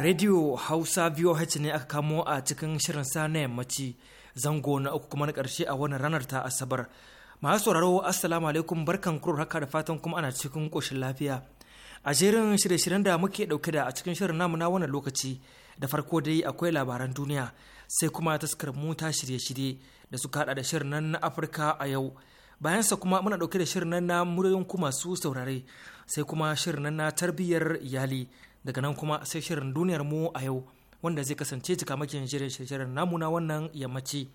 Radio Hausa VOH ne aka kamo a cikin shirin sa na yammaci zango na uku kuma na ƙarshe a wannan ranar ta Asabar. Masu sauraro Assalamu alaikum barkan kuro haka da fatan kuma ana cikin ƙoshin lafiya. A jerin shirye-shiryen da muke ɗauke da a cikin shirin namu na wannan lokaci da farko dai akwai labaran duniya sai kuma taskar mu ta shirye-shirye da su kaɗa da shirin nan na Afirka a yau. Bayansa kuma muna ɗauke da shirin nan na muryoyin kuma su saurare sai kuma shirin nan na tarbiyyar iyali daga nan kuma sai shirin duniyar mu a yau wanda zai kasance cikamakin shirye-shiryen namu na wannan yammaci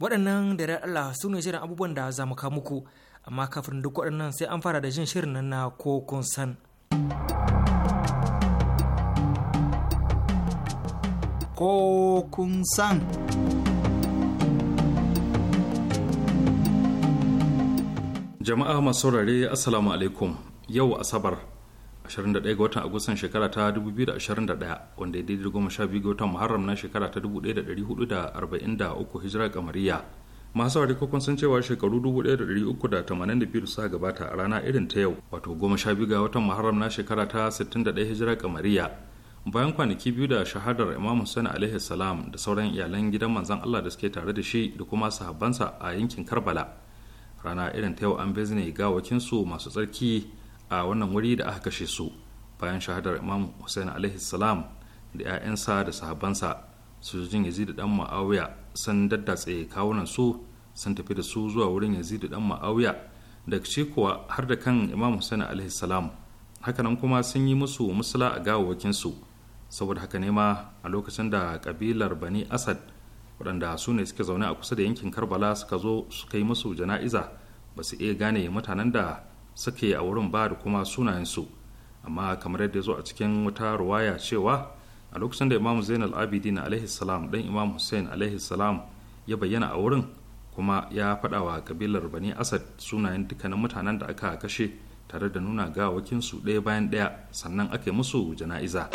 waɗannan da Allah su ne shirin abubuwan da za mu ka muku amma kafin duk waɗannan sai an fara da jin shirin nan na ko kun san ko kun san jama'a masu saurare assalamu alaikum yau asabar 21 ga watan agustan shekara ta 2021 wanda ya daidai goma sha biyu ga watan muharram na shekara ta 1443 hijira kamariya masu kokon sun cewa shekaru 1382 sa gabata a rana irin ta yau wato goma sha biyu ga watan muharram na shekara ta 61 hijira kamariya bayan kwanaki biyu da shahadar imam hussein alaihi salam da sauran iyalan gidan manzon allah da suke tare da shi da kuma sahabbansa a yankin karbala rana irin ta yau an bezne gawakinsu masu tsarki a wannan wuri da aka kashe su bayan shahadar imam hussein alaihi salam da 'ya'yansa da sahabansa sojojin yazid dan ma'awiya sun daddatse kawunan su sun tafi da su zuwa wurin yazid dan ma'awiya da ce kuwa har da kan imam hussein alaihi salam hakanan kuma sun yi musu musula a gawawakin su saboda haka ne ma a lokacin da kabilar bani asad waɗanda su ne suke zaune a kusa da yankin karbala suka zo suka yi musu jana'iza ba su iya gane mutanen da suke a wurin ba da kuma sunayensu amma kamar yadda zo a cikin wata ruwaya cewa a lokacin da imam zainal abidin alaihi salam dan imam hussein alaihi salam ya bayyana a wurin kuma ya faɗa wa kabilar bani asad sunayen dukkanin mutanen da aka kashe tare da nuna gawakinsu ɗaya bayan ɗaya sannan aka yi musu jana'iza.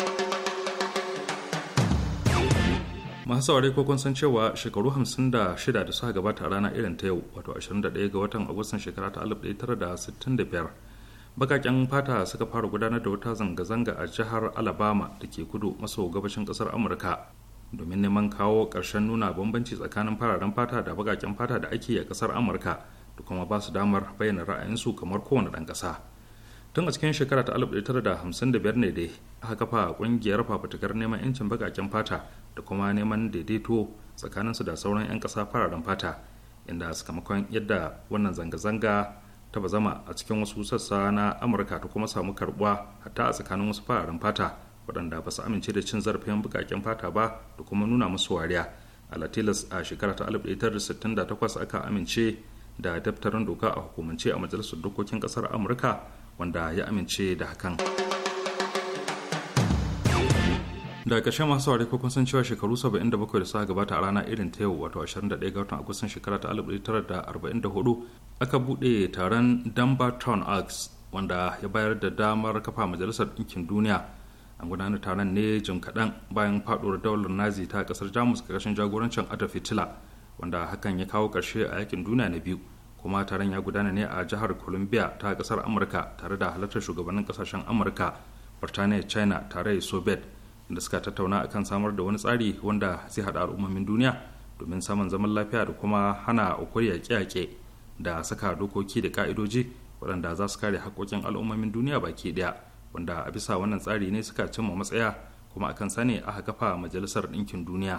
masu saurari ko kun san cewa shekaru 56 da suka gabata a rana irin ta yau wato 21 ga watan agustan shekara ta 1965 bakakken fata suka fara gudanar da wata zanga-zanga a jihar alabama da ke kudu maso gabashin kasar amurka domin neman kawo ƙarshen nuna bambanci tsakanin fararen fata da bakakken fata da ake a kasar amurka da kuma ba su damar bayyana ra'ayinsu kamar kowane ɗan ƙasa tun a cikin shekara ta 1955 ne dai aka kafa kungiyar fafutukar neman 'yancin bakaken fata da kuma neman daidaito tsakaninsu da sauran 'yan ƙasa fararen fata inda sakamakon yadda wannan zanga-zanga ta bazama a cikin wasu sassa na amurka ta kuma samu karbuwa hatta a tsakanin wasu fararen fata waɗanda ba su amince da cin zarafin bukaken fata ba da kuma nuna musu wariya a latilas a shekara ta 1968 aka amince da daftarin doka a hukumance a majalisar dokokin ƙasar amurka wanda ya amince da hakan daga ƙarshe masu saurari ko kun san cewa shekaru 77 da suka gabata a rana irin ta yau wato 21 ga watan agustan shekara ta 1944 aka buɗe taron dunbar Town Acts wanda ya bayar da damar kafa majalisar ɗinkin duniya an gudanar taron ne jin kaɗan bayan faɗuwar daular nazi ta ƙasar jamus ƙarshen jagorancin adolf hitler wanda hakan ya kawo ƙarshe a yakin duniya na biyu kuma taron ya gudana ne a jihar columbia ta kasar amurka tare da halartar shugabannin kasashen amurka birtaniya china tare da soviet da suka tattauna akan samar da wani tsari wanda zai hada al'ummomin duniya domin samun zaman lafiya da kuma hana ukuri yaƙe-yaƙe da saka dokoki da ka'idoji waɗanda za su kare haƙƙoƙin al'ummomin duniya baki ɗaya wanda a bisa wannan tsari ne suka cimma matsaya kuma akan sani aka kafa majalisar ɗinkin duniya.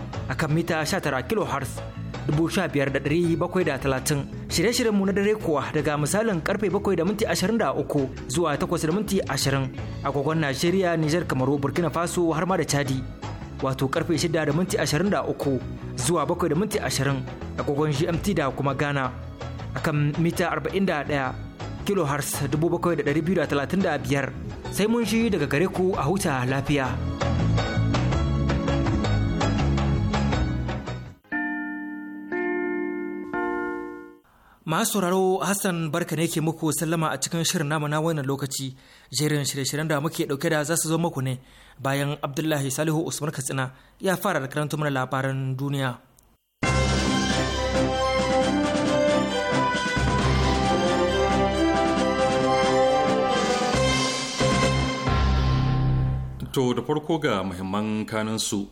akan mita 19 kHz talatin shirye shiryenmu mu na dare kuwa daga misalin karfe bakwai da minti zuwa takwas da minti ashirin agogon Najeriya, Nijar, Kamaru, Burkina Faso har ma da Chadi. Wato karfe shida da minti zuwa bakwai da minti ashirin agogon GMT da kuma Ghana. Akan mita 41 kilohertz biyar sai mun shi daga gare ku a huta lafiya. Masu sauraro Hassan barka ne ke muku sallama a cikin shirin namu na wannan lokaci jerin shirye-shiryen da muke dauke da za su zo muku ne bayan Abdullahi Salihu Usman Katsina ya fara da karanta mana labaran duniya. To da farko ga muhimman kanansu. su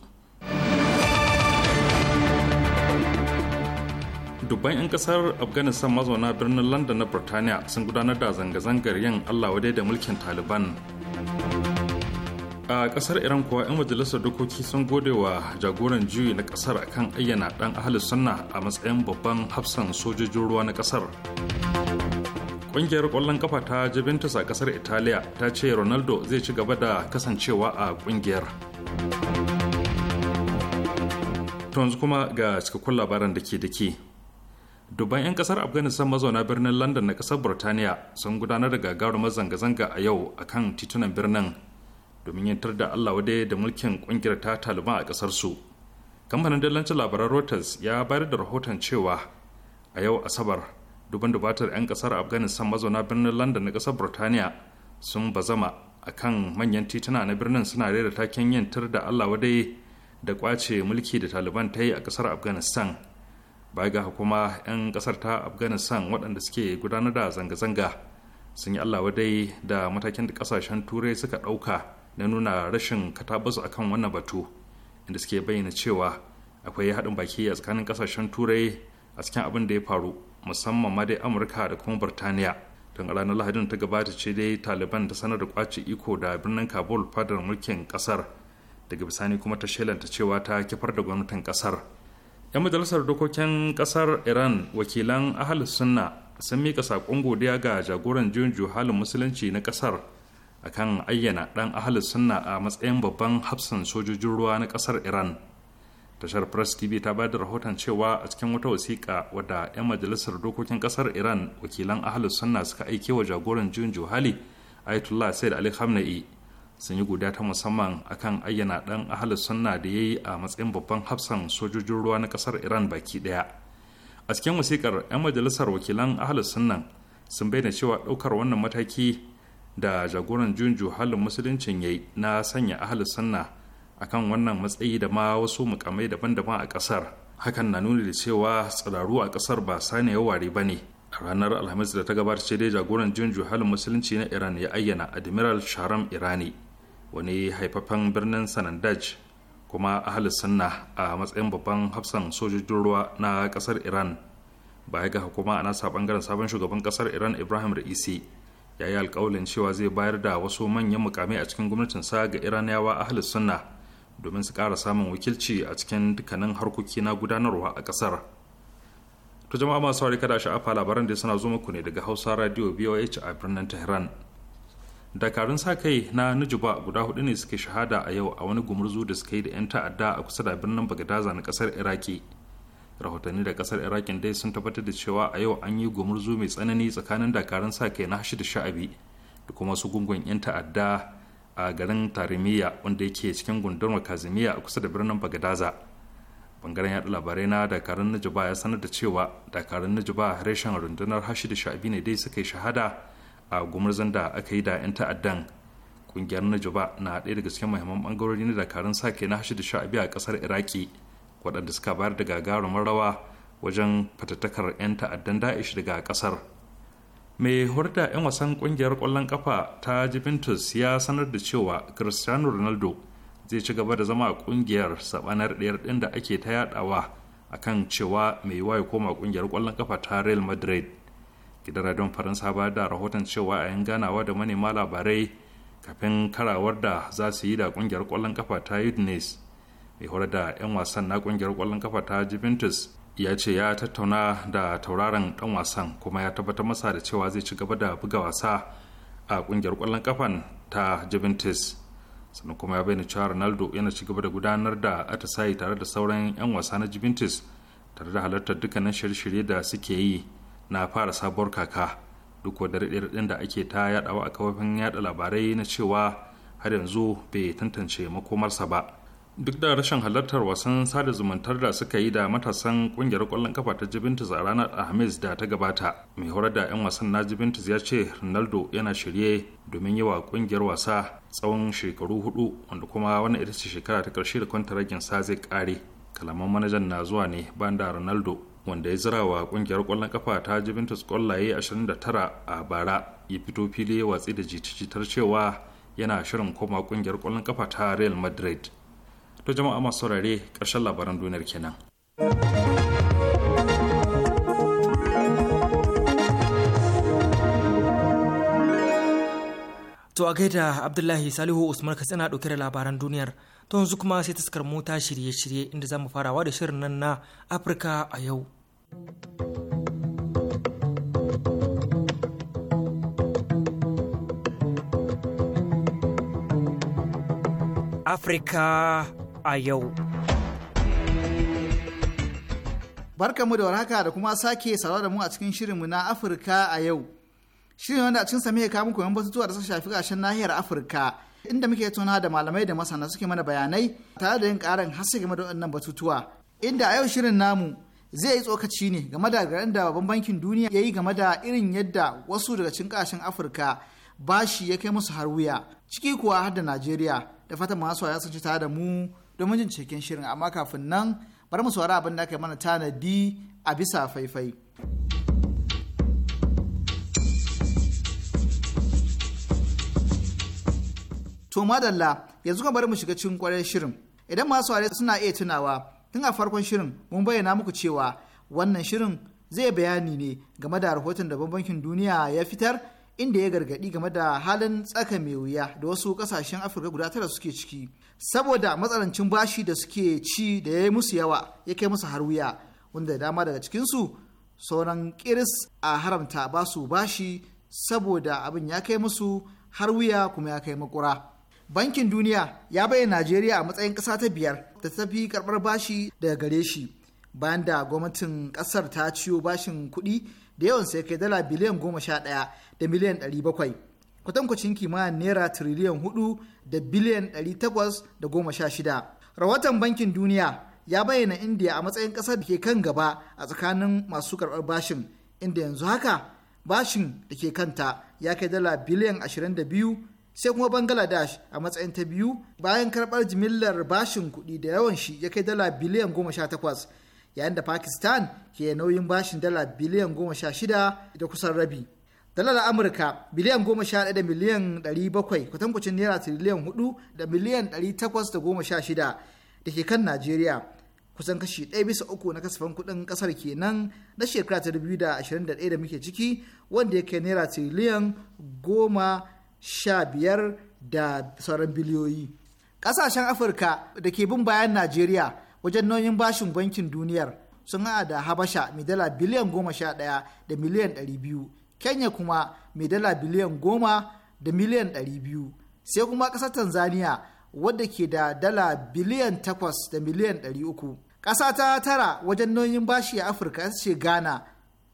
dubban 'yan kasar afghanistan mazauna birnin london na birtaniya sun gudanar da zanga-zangar yin allah wadai da mulkin taliban a kasar iran kuwa 'yan majalisar dokoki sun gode wa jagoran juyi na kasar kan ayyana dan ahalus sunna a matsayin babban hafsan sojojin ruwa na kasar Ƙungiyar kwallon kafa ta Juventus a kasar Italiya ta ce Ronaldo zai ci gaba da kasancewa a ƙungiyar. To yanzu kuma ga cikakkun labaran da ke da ke. dubban 'yan kasar afghanistan mazauna birnin london na kasar burtaniya sun gudanar da gagarumar zanga-zanga a yau a kan titunan birnin domin yantar da allah wade da mulkin kungiyar ta taliban a kasar su kamfanin dillancin labaran reuters ya bayar da rahoton cewa a yau asabar dubban dubatar 'yan kasar afghanistan mazauna birnin london na kasar burtaniya sun bazama a kan manyan tituna na birnin suna rera taken yantar da allah wade da kwace mulki da taliban ta yi a kasar afghanistan baya ga hukuma 'yan kasar ta afghanistan waɗanda suke gudanar da zanga-zanga sun yi allah dai da matakin da kasashen turai suka ɗauka na nuna rashin katabasu kan wannan batu inda suke bayyana cewa akwai haɗin baki a tsakanin kasashen turai a cikin abin da ya faru musamman ma dai amurka da kuma burtaniya don ranar lahadin ta gabata ce dai taliban ta sanar da kwace iko da birnin kabul fadar mulkin kasar daga bisani kuma ta shelanta cewa ta kifar da gwamnatin kasar 'yan majalisar dokokin kasar iran wakilan ahal sunna sun mika saƙon godiya ga jagoran juyin halin musulunci na kasar akan ayyana ɗan ahal sunna a matsayin babban hafsan sojojin ruwa na kasar iran tashar press tv ta bayar da rahoton cewa a cikin wata wasiƙa wadda 'yan majalisar dokokin kasar iran wakilan ahal sunna suka aike wa jagoran juyin hali ayatollah said ali khamenei sun yi guda ta musamman akan ayyana ɗan ahal sunna da ya yi a matsayin babban hafsan sojojin ruwa na ƙasar iran baki ɗaya a cikin wasikar 'yan majalisar wakilan ahal sunnan sun bayyana cewa ɗaukar wannan mataki da jagoran junju halin musuluncin yayi na sanya ahal sunna akan wannan matsayi da ma wasu mukamai daban-daban a ƙasar hakan na nuni da cewa tsiraru a ƙasar ba sani ya ware ba ne a ranar alhamis da ta gabata ce dai jagoran junju halin musulunci na iran ya ayyana admiral sharam irani wani haifafen birnin sanandaj kuma halin sunna a matsayin babban hafsan sojojin ruwa na kasar iran baya ga hukuma a nasa bangaren sabon shugaban kasar iran ibrahim ra'isi ya yi alkawalin cewa zai bayar da wasu manyan mukamai a cikin gwamnatinsa ga iraniyawa halin sunna domin su kara samun wakilci a cikin dukkanin harkoki na gudanarwa a kasar Ta jama'a masu kada sha'afa labaran da suna zo ku ne daga hausa radio voh a birnin tehran dakarun sa kai na nijiba guda hudu ne suke shahada a yau a wani gumurzu da suka yi da 'yan ta'adda a kusa da birnin bagadaza na kasar iraki rahotanni da kasar irakin dai sun tabbatar da cewa a yau an yi gumurzu mai tsanani tsakanin dakarun sa kai na hashi da sha'abi da kuma su gungun 'yan ta'adda a garin tarimiya wanda yake cikin gundumar kazimiya a kusa da birnin bagadaza bangaren yaɗa labarai na dakarun nijiba ya sanar da cewa dakarun nijuba reshen rundunar hashi da sha'abi ne dai suka shahada a gumurzan da aka yi da 'yan ta'addan kungiyar najaba na ɗaya daga cikin mahimman bangarori na dakarun sake na da sha a ƙasar iraki waɗanda suka bayar da gagarumin rawa wajen fatattakar 'yan ta'addan da'ish daga ƙasar mai hurda 'yan wasan kungiyar ƙwallon kafa ta juventus ya sanar da cewa cristiano ronaldo zai ci gaba da zama a kungiyar sabanar ɗayar ɗin da ake ta yaɗawa akan cewa mai yiwuwa ya koma kungiyar ƙwallon kafa ta real madrid gidan don faransa ba da rahoton cewa a yan ganawa da manema labarai kafin karawar da za su yi da kungiyar kwallon kafa ta udinese mai horar da 'yan wasan na kungiyar kwallon kafa ta juventus ya ce ya tattauna da tauraron dan wasan kuma ya tabbatar masa da cewa zai ci gaba da buga wasa a kungiyar kwallon kafan ta juventus sannan kuma ya bayyana cewa ronaldo yana ci gaba da gudanar da atisayi tare da sauran 'yan wasa na juventus tare da halartar dukkanin shirye-shirye da suke yi na fara sabuwar kaka duk da raɗe da ake ta yaɗawa a kafofin yaɗa labarai na cewa har yanzu bai tantance makomarsa ba duk da rashin halartar wasan sada zumuntar da suka yi da matasan kungiyar kwallon kafa ta Juventus a ranar Alhamis da ta gabata. Mai horar da 'yan wasan na Juventus ya ce Ronaldo yana shirye domin yi wa kungiyar wasa tsawon shekaru hudu wanda kuma wani ita ce shekara ta karshe da kwantaragin sa zai kare. Kalaman manajan na zuwa ne banda da Ronaldo wanda ya zira wa kungiyar kwallon kafa ta Juventus kwallaye 29 a bara ya fito fili ya watsi da jita-jitar cewa yana shirin koma kungiyar kwallon kafa ta Real Madrid. To jama'a masu saurare ƙarshen labaran duniyar kenan. To a gaida Abdullahi Salihu Usman Katsina ɗauke da labaran duniyar. to yanzu kuma sai taskar mota shirye-shirye inda za mu farawa da shirin nan na afirka a yau afirka a yau barkamu da warhaka da kuma sake saurara da mu a cikin shirinmu na afirka a yau shirin wanda a cikin same muke muku yan batutuwa da suka shafi ƙarshen nahiyar afirka inda muke tuna da malamai da masana suke mana bayanai tare da yin karin haske game da wannan batutuwa inda a yau shirin namu zai yi tsokaci ne game da garin da babban bankin duniya ya yi game da irin yadda wasu daga cikin kashin afirka bashi ya kai musu har wuya ciki kuwa har da najeriya da fatan masu ya sun ci tare da mu domin jin cikin shirin amma kafin nan bari mu saurari abin da aka yi mana tanadi a bisa faifai. To madalla yanzu ka bari mu shiga cikin kwarar shirin. Idan masu ware suna iya tunawa tun a farkon shirin mun bayyana muku cewa wannan shirin zai bayani ne game da rahoton da bankin duniya ya fitar inda ya gargadi game da halin tsaka mai wuya da wasu kasashen afirka guda tara suke ciki saboda matsalancin bashi da suke ci da ya yi musu yawa ya kai musu har wuya wanda dama daga cikinsu sauran kiris a haramta ba su bashi saboda abin ya kai musu har wuya kuma ya kai makura bankin duniya ya bayyana najeriya a matsayin ƙasa ta biyar da ta fi karɓar bashi daga gare shi bayan da gwamnatin ƙasar ta ciyo bashin kuɗi da yawan sai kai dala biliyan goma sha ɗaya da miliyan ɗari bakwai kwatankwacin kimanin naira tiriliyan hudu da biliyan ɗari takwas da goma sha shida rahoton bankin duniya ya bayyana indiya a matsayin ƙasar da ke kan gaba a tsakanin masu karɓar bashin inda yanzu haka bashin da ke kanta ya kai dala biliyan ashirin da biyu sai kuma bangladesh a matsayin ta biyu bayan karɓar jimillar bashin kuɗi da yawan shi ya kai dala biliyan goma sha takwas yayin da pakistan ke nauyin bashin dala biliyan goma sha shida da kusan rabi dalar amurka biliyan goma sha ɗaya da miliyan ɗari bakwai kwatankwacin naira tiriliyan hudu da miliyan ɗari takwas da goma sha shida da ke kan najeriya kusan kashi ɗaya bisa uku na kasafin kuɗin ƙasar kenan na shekara ta da muke ciki wanda ya kai naira tiriliyan goma sha biyar da sauran biliyoyi ƙasashen afirka da ke bin bayan najeriya wajen nauyin bashin bankin duniyar sun haɗa da habasha mai dala biliyan goma sha ɗaya da miliyan ɗari biyu kenya kuma mai dala biliyan goma da miliyan ɗari biyu sai kuma ƙasar tanzania wadda ke da dala biliyan takwas da miliyan ɗari uku ƙasa ta tara wajen nauyin bashi a afirka ce ghana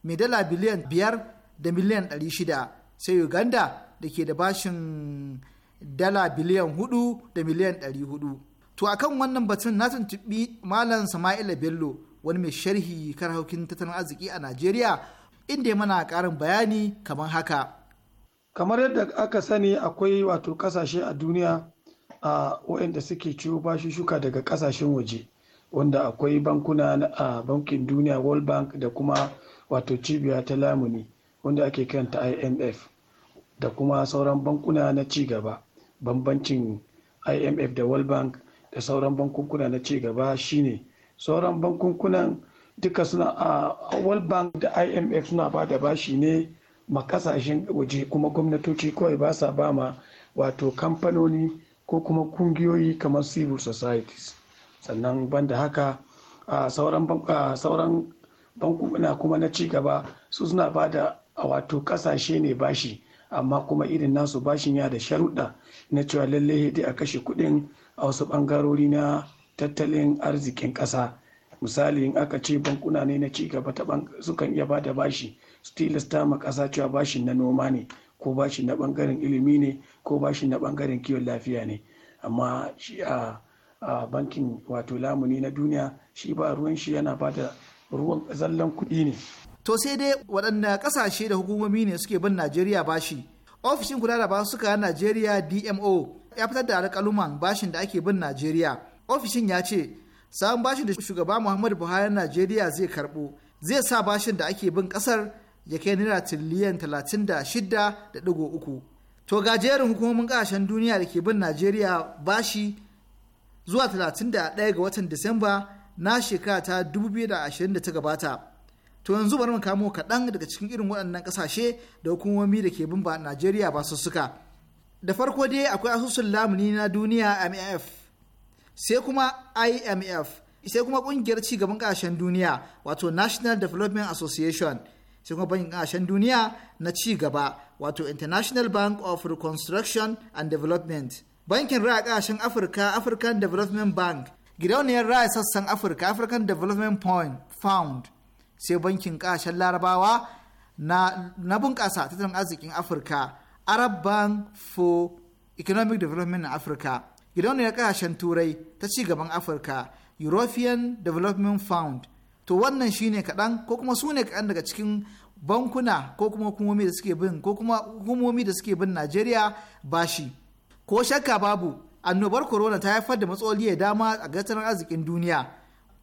mai dala biliyan biyar da miliyan ɗari shida sai uganda da ke da bashin dala biliyan hudu da miliyan ɗari hudu. To a kan wannan batun na tuntuɓi Malam Sama'ila Bello wani mai sharhi kan haukin tattalin arziki a Najeriya inda ya mana karin bayani kamar haka. Kamar yadda aka sani akwai wato kasashe a duniya a waɗanda suke ciwo bashi shuka daga ƙasashen waje wanda akwai bankuna a bankin duniya World Bank da kuma wato cibiya ta lamuni wanda ake kanta IMF. da kuma sauran bankuna na cigaba bambancin imf da world bank da sauran bankuna na cigaba gaba shine sauran bankunan duka suna a world bank da imf suna ba da bashi ne ma kasashen waje kuma gwamnatoci kawai ba sa ba ma wato kamfanoni ko kuma kungiyoyi kamar civil societies sannan banda haka a sauran bankuna kuma na cigaba su suna ba da wato kasashe ne bashi amma kuma irin nasu bashin ya da sharuɗa na cewa lallai dai a kashe kuɗin a wasu ɓangarori na tattalin arzikin ƙasa misali in aka ce bankuna ne na cigaba ta sukan iya ba da bashi su tilasta ma ƙasa cewa bashin na noma ne ko bashin na ɓangaren ilimi ne ko bashin na ɓangaren kiwon lafiya ne amma shi a bankin wato lamuni na duniya shi ba ruwan shi yana ba da ruwan zallan kuɗi ne to sai dai waɗanne ƙasashe da hukumomi ne suke bin najeriya bashi ofishin kula da basu na najeriya dmo ya fitar da alƙaluman bashin da ake bin najeriya ofishin ya ce sabon bashin da shugaba muhammadu buhari najeriya zai karɓo zai sa bashin da ake bin ƙasar ya kai naira tiliyan talatin da shida da ɗigo uku to ga jerin hukumomin ƙasashen duniya da ke bin najeriya bashi zuwa 31 ga watan disamba na shekara ta ashirin da ta gabata to yanzu bari mu kamo kaɗan daga cikin irin waɗannan ƙasashe da hukumomi da ke bin ba najeriya ba su suka da farko dai akwai asusun lamuni na duniya mif sai kuma imf sai kuma ƙungiyar cigaban ƙasashen duniya wato national development association sai kuma bankin ƙasashen duniya na cigaba wato international bank of reconstruction and development bankin raya ƙasashen afirka african development bank gidauniyar raya sassan afirka african development fund sai bankin kasashen larabawa na, na a tattalin arzikin afirka arab bank for economic development in africa gidauniyar kasashen turai ta ci gaban afirka european development fund to wannan shine kaɗan ko kuma su ne kaɗan daga cikin bankuna ko kuma hukumomi da suke bin ko kuma hukumomi da suke bin najeriya bashi ko shakka babu annobar corona ta haifar da matsaloli da dama a tattalin arzikin duniya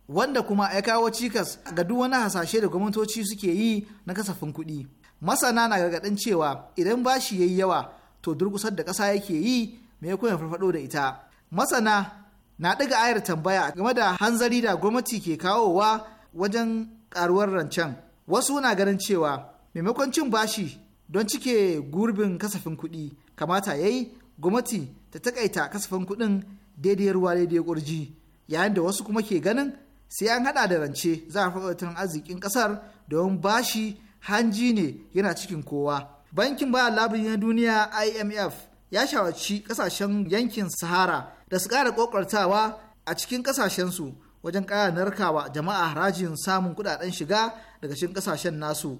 wanda kuma ya kawo cikas ga duk wani hasashe da gwamnatoci suke yi na kasafin kuɗi. Masana na gargaɗin cewa idan bashi yayi yawa to durkusar da ƙasa yake yi me kuma farfado da ita. Masana na ɗiga ayar tambaya game da hanzari da gwamnati ke kawowa wajen ƙaruwar rancen. Wasu na ganin cewa maimakon cin bashi don cike gurbin kasafin kuɗi kamata yayi gwamnati ta takaita kasafin kuɗin daidai ruwa daidai kurji yayin da wasu kuma ke ganin sai an hada da rance za a faɗa tattalin arzikin ƙasar domin bashi hanji ne yana cikin kowa bankin baya labari na duniya imf ya shawarci kasashen yankin sahara da su ƙara ƙoƙartawa a cikin ƙasashensu wajen ƙara narkawa jama'a harajin samun kuɗaɗen shiga daga cikin kasashen nasu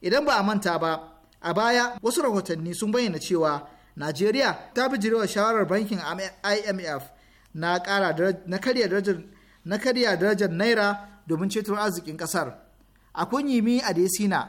idan ba a manta ba a baya wasu rahotanni sun bayyana cewa najeriya ta bijirewa shawarar bankin imf na karya darajar na karya darajar naira domin ceto arzikin kasar a kunyimi a desina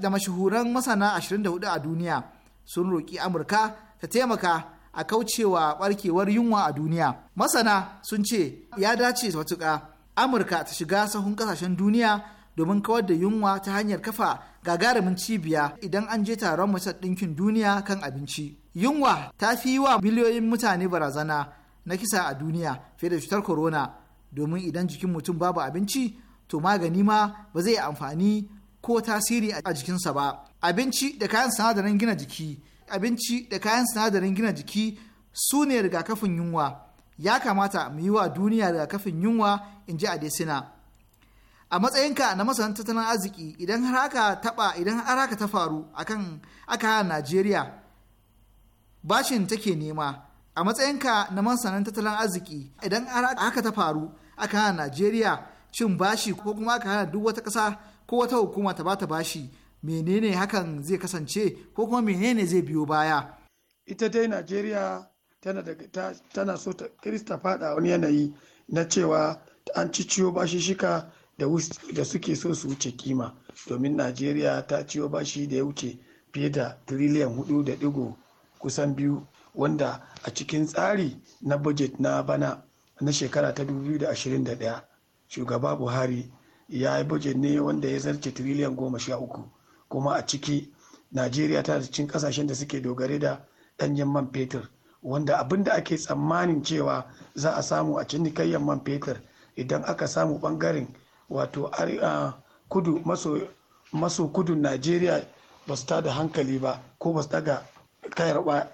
da mashahuran masana 24 a duniya sun roƙi amurka ta taimaka a kaucewa barkewar yunwa a duniya masana sun ce ya dace matuƙa amurka ta shiga sahun kasashen duniya domin kawar da yunwa ta hanyar kafa gagarumin cibiya idan an je taron masar ɗinkin duniya kan abinci yunwa ta fi wa miliyoyin mutane barazana na kisa a duniya fiye da cutar corona domin idan jikin mutum babu abinci to magani ma ba zai amfani ko tasiri a jikinsa ba abinci da kayan sinadarin gina jiki abinci da kayan sinadarin gina jiki su ne rigakafin yunwa ya kamata mu yi wa duniya rigakafin yunwa in ji adesina a matsayinka na masanin tattalin arziki idan har aka taba idan har aka ta faru akan aka najeriya bashin take nema a matsayinka na masanin tattalin arziki idan har aka ta faru aka hana najeriya cin bashi ko kuma aka hana duk wata ƙasa ko wata hukuma ta bata bashi menene hakan zai kasance ko kuma menene zai biyo baya ita dai najeriya tana, so ta kirista fada wani yanayi na cewa an ci ciwo bashi shika da, suke so su wuce kima domin najeriya ta ciwo bashi da ya wuce fiye da tiriliyan hudu da digo kusan biyu wanda a cikin tsari na budget na bana na shekara ta 2021 shugaba buhari ya yi budget ne wanda ya zarce tiriliyan goma sha uku kuma a ciki najeriya ta cikin kasashen da suke dogare da danyen man fetur wanda abin da ake tsammanin cewa za a samu a cinikayyar man fetur idan aka samu bangaren wato a kudu maso, maso kudun najeriya ba su tada hankali ba ko ba su daga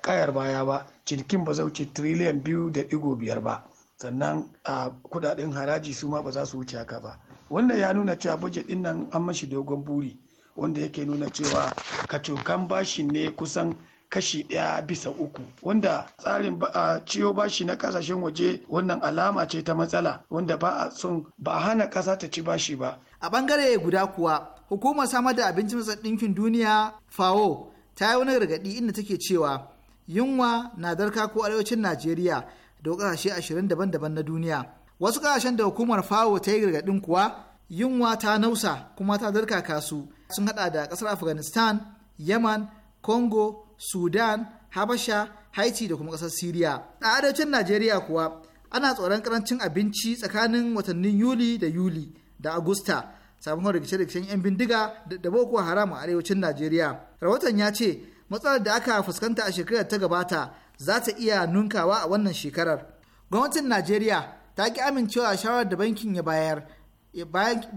kayar baya ba cinikin ba zauce tiriliyan biyu da digo biyar ba sannan a kudaden haraji su ma ba za su wuce haka ba wannan ya nuna cewa budget din nan an mashi dogon buri wanda yake nuna cewa kacokan bashi ne kusan kashi ɗaya bisa uku wanda tsarin ciyo bashi na kasashen waje wannan alama ce ta matsala wanda ba a son ba hana ƙasa ta ci bashi ba a bangare guda kuwa hukumar samar da abincin masar ɗinkin duniya fao ta yi wani gargaɗi inda take cewa yunwa na darka ko arewacin najeriya da kasashe ashirin daban-daban na duniya wasu kasashen da hukumar fawo ta yi gargaɗin kuwa yunwa ta nausa kuma ta darkaka su sun haɗa da ƙasar afghanistan yaman congo sudan habasha haiti da kuma ƙasar syria a arewacin najeriya kuwa ana tsoron karancin abinci tsakanin watannin yuli da yuli da agusta sakamakon rikice-rikicen 'yan bindiga da boko haram a arewacin najeriya rahoton ya ce matsalar da aka fuskanta a shekarar ta gabata za ta iya nunkawa a wannan shekarar gwamnatin najeriya ta ki amincewa shawarar da bankin ya bayar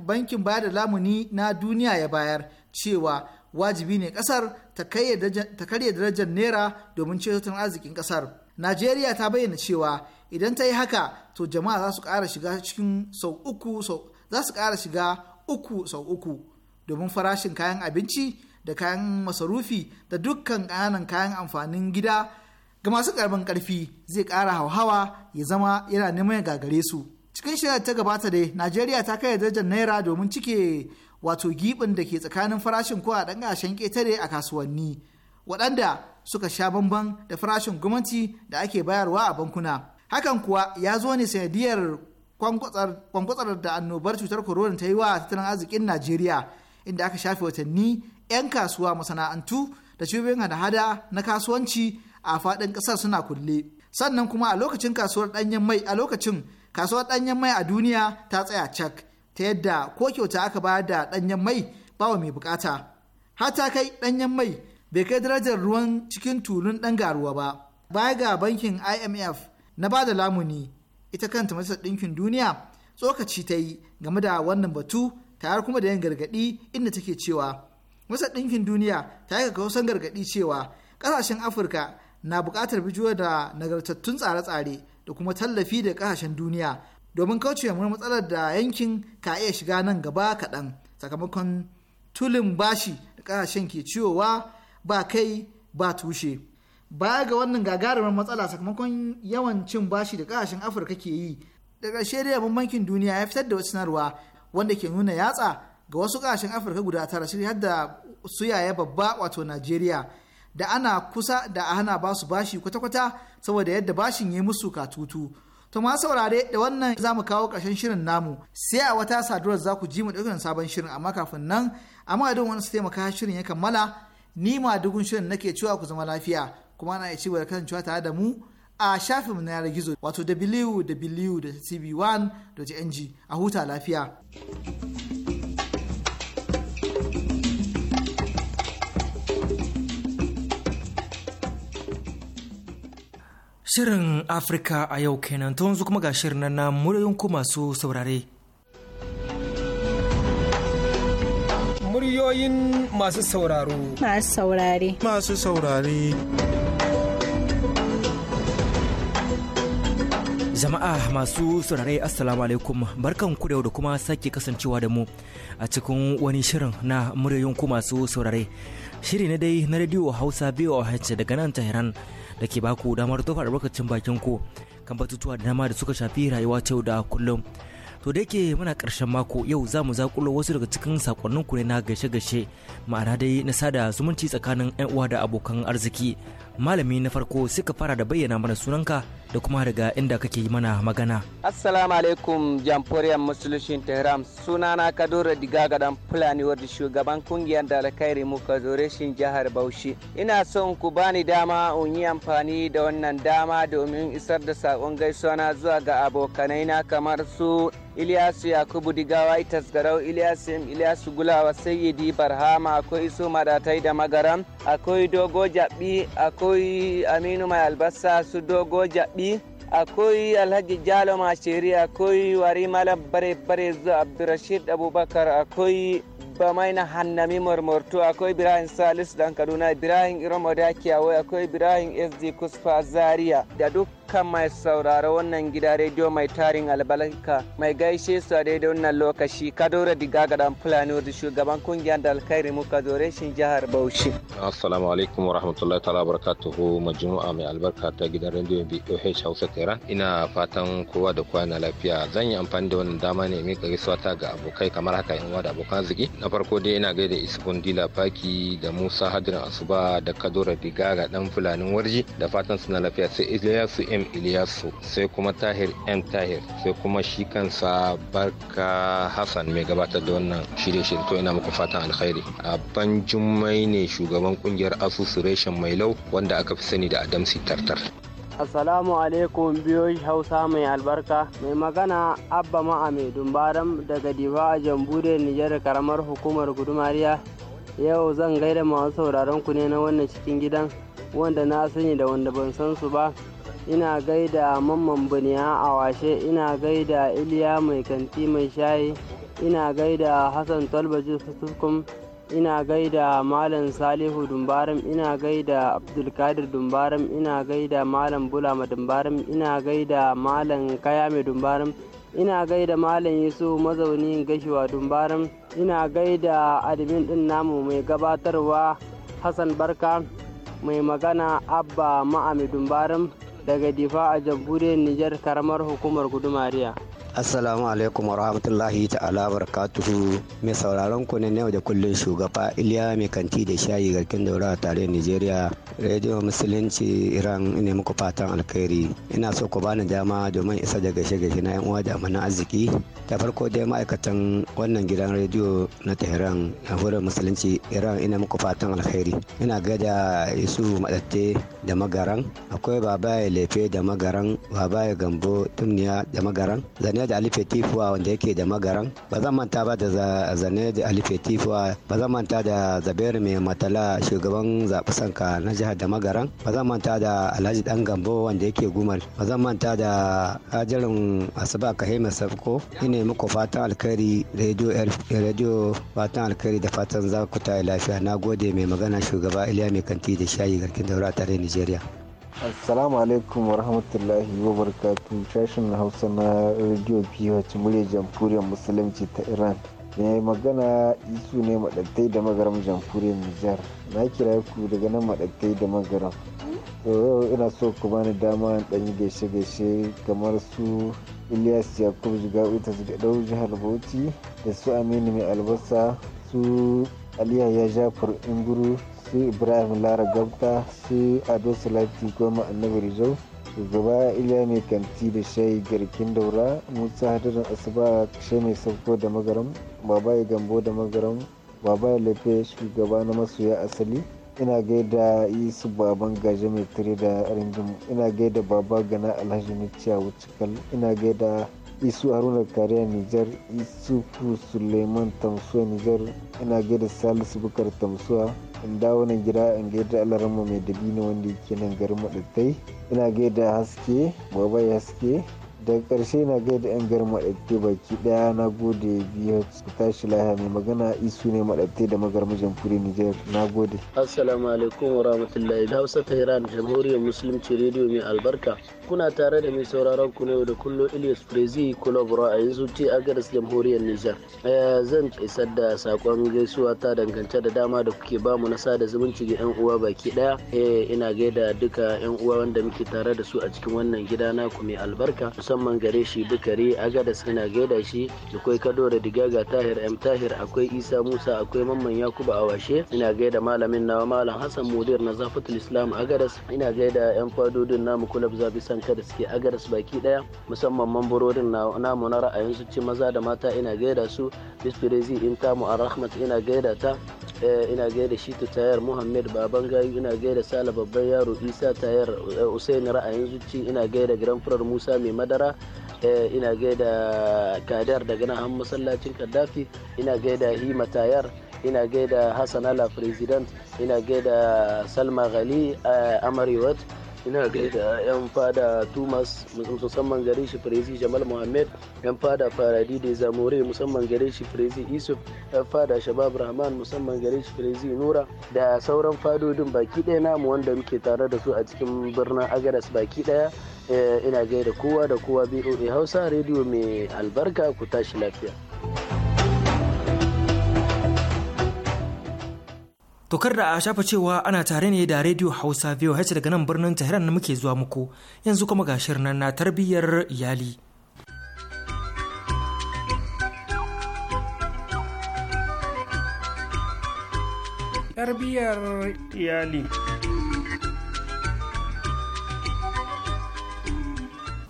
bankin ba da lamuni na duniya ya bayar cewa wajibi ne kasar ta karya darajar naira domin ceto tattalin arzikin kasar najeriya ta bayyana cewa idan ta yi haka to jama'a za su ƙara shiga cikin sau uku sau za su ƙara shiga uku sau uku domin farashin kayan abinci da kayan masarufi da dukkan ƙananan kayan amfanin gida ga masu karamin karfi zai kara hauhawa ya zama yana neman gagare su cikin shirya ta gabata dai najeriya ta kai darajar naira domin cike wato gibin da ke tsakanin farashin kowa dan gashen ketare a kasuwanni waɗanda suka sha bamban da farashin gwamnati da ake bayarwa a bankuna hakan kuwa ya zo ne sanadiyar kwankwatsar da annobar cutar corona ta yi wa tattalin arzikin najeriya inda aka shafe watanni 'yan kasuwa masana'antu da cibiyoyin hada-hada na kasuwanci a faɗin ƙasar suna kulle sannan kuma a lokacin kasuwar ɗanyen mai a lokacin kasuwar ɗanyen mai a duniya ta tsaya cak ta yadda ko kyauta aka bayar da ɗanyen mai bawa mai bukata har ta kai ɗanyen mai bai kai darajar ruwan cikin tulun ɗan garuwa ba baya ga bankin imf na ba da lamuni ita kanta majalisar ɗinkin duniya tsokaci ta yi game da wannan batu tare kuma da yin gargaɗi inda take cewa majalisar ɗinkin duniya ta yi kakkausan gargaɗi cewa ƙasashen afirka na buƙatar bijiyo da nagartattun tsare-tsare da kuma tallafi da ƙasashen duniya domin kaucewa wa matsalar da yankin ka iya shiga nan gaba kaɗan sakamakon tulin bashi da ƙasashen ke ciwowa ba kai ba tushe baya ga wannan gagarumar matsala sakamakon yawan cin bashi da ƙasashen afirka ke yi da ƙarshe dai yabon bankin duniya ya fitar da wasu sanarwa wanda ke nuna yatsa ga wasu ƙasashen afirka guda tara shirya da su yaya babba wato najeriya da ana kusa da a hana su bashi kwata-kwata saboda yadda bashin ya musu katutu. To ma saurare da wannan za mu kawo ƙarshen shirin namu sai a wata sadurar za ku ji mu ɗaukar sabon shirin amma kafin nan amma don wani su taimaka shirin ya kammala ni ma dugun shirin nake cewa ku zama lafiya kuma ana iya cewa da kasancewa tare da mu a shafin na yanar gizo wato www.tv1.ng a huta lafiya. Shirin Afirka a yau kenan ta yanzu kuma ga shirin na muryoyin ku masu saurare. Muryoyin masu sauraro. Masu saurare. Masu saurare. Jama'a masu saurare Assalamu alaikum barkan ku da kuma sake kasancewa da mu a cikin wani shirin na muryoyin ku masu saurare. Shiri na dai na radio Hausa BOH daga nan Tehran. da ke baku damar tofa albarkacin bakin ku kan batutuwa da dama da suka shafi rayuwa ta yau da kullum. To da yake muna karshen mako yau za mu zakulo wasu daga cikin sakonnin ku ne na gashe-gashe ma'ana dai na sada zumunci tsakanin 'yan uwa da abokan arziki. Malami na farko suka fara da bayyana mana sunanka da kuma daga inda kake yi mana magana. Assalamu alaikum jamforiyar musulushin Tehran sunana Kadura Diga gadan Fulani wadda shugaban kungiyar muka zore jihar Bauchi. Ina son ku bani dama in yi amfani da wannan dama domin isar da saƙon gaisuwa na zuwa ga abokanai na kamar su Ilyasu Yakubu Digawa Itas Garau Ilyasu M Ilyasu Gulawa Sayyidi Barhama akwai Iso Madatai da Magaram akwai Dogo Jabi akwai Aminu Mai Albasa su Dogo Jabi rabi akwai alhaji jalo mashiri akwai wari malam bare bare abdurashid abubakar akwai bamaina hannami mormorto akwai ibrahim salis dan kaduna ibrahim irom akwai ibrahim sd kusfa zaria da duk dukkan mai sauraro wannan gida rediyo mai tarin albalanka mai gaishe su a daidai wannan lokaci kadora diga ga dan fulani da shugaban kungiyar da alkhairi muka zore shin jihar bauchi assalamu alaikum wa warahmatullahi ta'ala barakatuhu majmu'a mai albarka ta gidan rediyo h Hausa Tehran ina fatan kowa da kowa na lafiya zan yi amfani da wannan dama ne mika gaisuwa ta ga abokai kamar haka yan da abokan arziki na farko dai ina gaida isukun Dila Faki da Musa Hadirin Asuba da Kadora Diga ga dan fulanin warji da fatan suna lafiya sai Ilyasu Ilyasu sai kuma Tahir M Tahir sai kuma shi kansa Barka Hassan mai gabatar da wannan shirye-shirye to ina muku fatan alkhairi. aban Jummai ne shugaban kungiyar Asusu Reshen Mailau wanda aka fi sani da Adamsi Tartar. Assalamu alaikum biyoyi Hausa mai albarka mai magana Abba Ma'ame Dumbaram daga Diba a Jambude Nijar karamar hukumar Gudumariya yau zan gaida masu sauraron ku ne na wannan cikin gidan wanda na sani da wanda ban san su ba ina gaida mamman buniya a washe ina gaida iliya mai kanti mai shayi ina gaida hassan talbaji suskum ina gaida malam salihu dumbaram ina gaida abdulkadir dumbaram ina gaida malam bulama dumbaram ina gaida malam kayame dumbaram ina gaida malam yusuf mazaunin gashiwa dumbaram ina gaida admin din namu mai gabatarwa hassan barka mai magana abba ma'ami dumbaram daga Difa a jamhuriyar Nijar karamar hukumar gudu Mariya. Assalamu alaikum wa rahmatullahi ta'ala barakatuhu mai sauraron ku ne yau da kullun shugaba Iliya mai kanti da shayi garkin daura a tare Nijeriya Radio Musulunci Iran ne muku fatan alkhairi ina so ku bani dama domin isa da gashe na yan uwa da amana arziki Ta farko dai ma'aikatan wannan gidan rediyo na Tehran na Musulunci Iran ina muku fatan alkhairi ina gaida Yusuf Madatte da magaran akwai baba ya lefe da magaran baba ya gambo tumniya da magaran zane da alife tifuwa wanda yake da magaran ba zan manta ba da zane da alife tifuwa ba zan manta da zaberi mai matala shugaban zaɓi na jihar da magaran ba zan manta da alhaji dan gambo wanda yake gumar ba zan manta da hajarin asuba hema sabko ina muku fatan alkhairi radio fatan alkhairi da fatan za ku ta lafiya na gode mai magana shugaba iliya mai kanti da shayi garkin daura tare ni Najeriya. Assalamu alaikum wa rahmatullahi wa shashin na Hausa na Radio PH murya jamhuriyar Musulunci ta Iran. Mai magana isu ne maɗattai da magaram jamhuriyar Nijar. Na kira ku daga nan maɗattai da magaram. yau ina so ku bani dama ɗan gaishe-gaishe kamar su Ilyas Yakub Jigawi ta ɗau jihar Bauchi da su Aminu Mai Albasa su Aliyu jafar Inguru su ibrahim lara gabta sai ado salati goma annabi rizau shugaba iliya mai kanti da shayi garkin daura musa hadarin asuba kashe mai sauko da magaram babaye gambo da magaram babaye lafiya shugaba na masoya asali ina gaida isu baban gaje mai tare da ringin ina gaida baba gana alhaji miciya wucikal ina gaida isu haruna kariya nijar isufu suleiman tamsuwa nijar ina gaida salisu bukar tamsuwa in dawo gida in gaida alarmu mai dabino wanda yake nan garin maɗattai ina gaida haske gobe haske da karshe na gaida yan gari maɗabte baki daya na gode biyu su tashi lahiya mai magana isu ne maɗabte da magarmu jamhuriyar nijar na gode assalamu alaikum wa rahmatullahi da hausa ta iran jamhuriyar musulunci rediyo mai albarka kuna tare da mai sauraron ku ne da kullum ilyas prezi kulabura a yanzu ce a garis jamhuriyar nijar eh, zan isar da sakon gaisuwa ta dangance da dama da kuke bamu na sada zumunci ga yan uwa baki ɗaya eh, ina gaida duka yan uwa wanda muke tare da su a cikin wannan gida naku mai albarka musamman gare shi bukari agadas ina gaida shi akwai da digaga tahir m tahir akwai isa musa akwai mamman yakuba awashe ina gaida malamin nawa malam hassan mudir na zafatul islam a agadas ina gaida yan fadodin namu kulab zabi sanka da suke agadas baki daya musamman mambarorin namu na ra'ayin su ci maza da mata ina gaida su bisfirezi in tamu a rahmat ina gaida ta eh, ina gaida shi ta tayar muhammed baban gayu ina gaida sala babban yaro isa tayar eh, usaini ra'ayin zuci ina gaida giran furar musa mai madara Zamfara. Eh, ina gaida kadar daga nan masallacin kaddafi ina gaida hima tayar ina gaida hassan ala president ina gaida salma ghali a eh, amariwat ina gaida yan fada tumas musamman gare shi firezi jamal muhammed yan fada faradi da zamore musamman gare shi firezi isuf yan fada shabab rahman musamman gare shi firezi nura da sauran fadodin baki ɗaya namu wanda muke tare da su a cikin birnin agadas baki ɗaya eh, ina gaida kowa da kowa boa hausa rediyo mai albarka ku tashi lafiya. To kar da a shafa cewa ana tare ne da Radio Hausa VOH daga nan birnin Tehran muke zuwa muku yanzu kuma ga shirin na tarbiyyar iyali. Tarbiyyar iyali.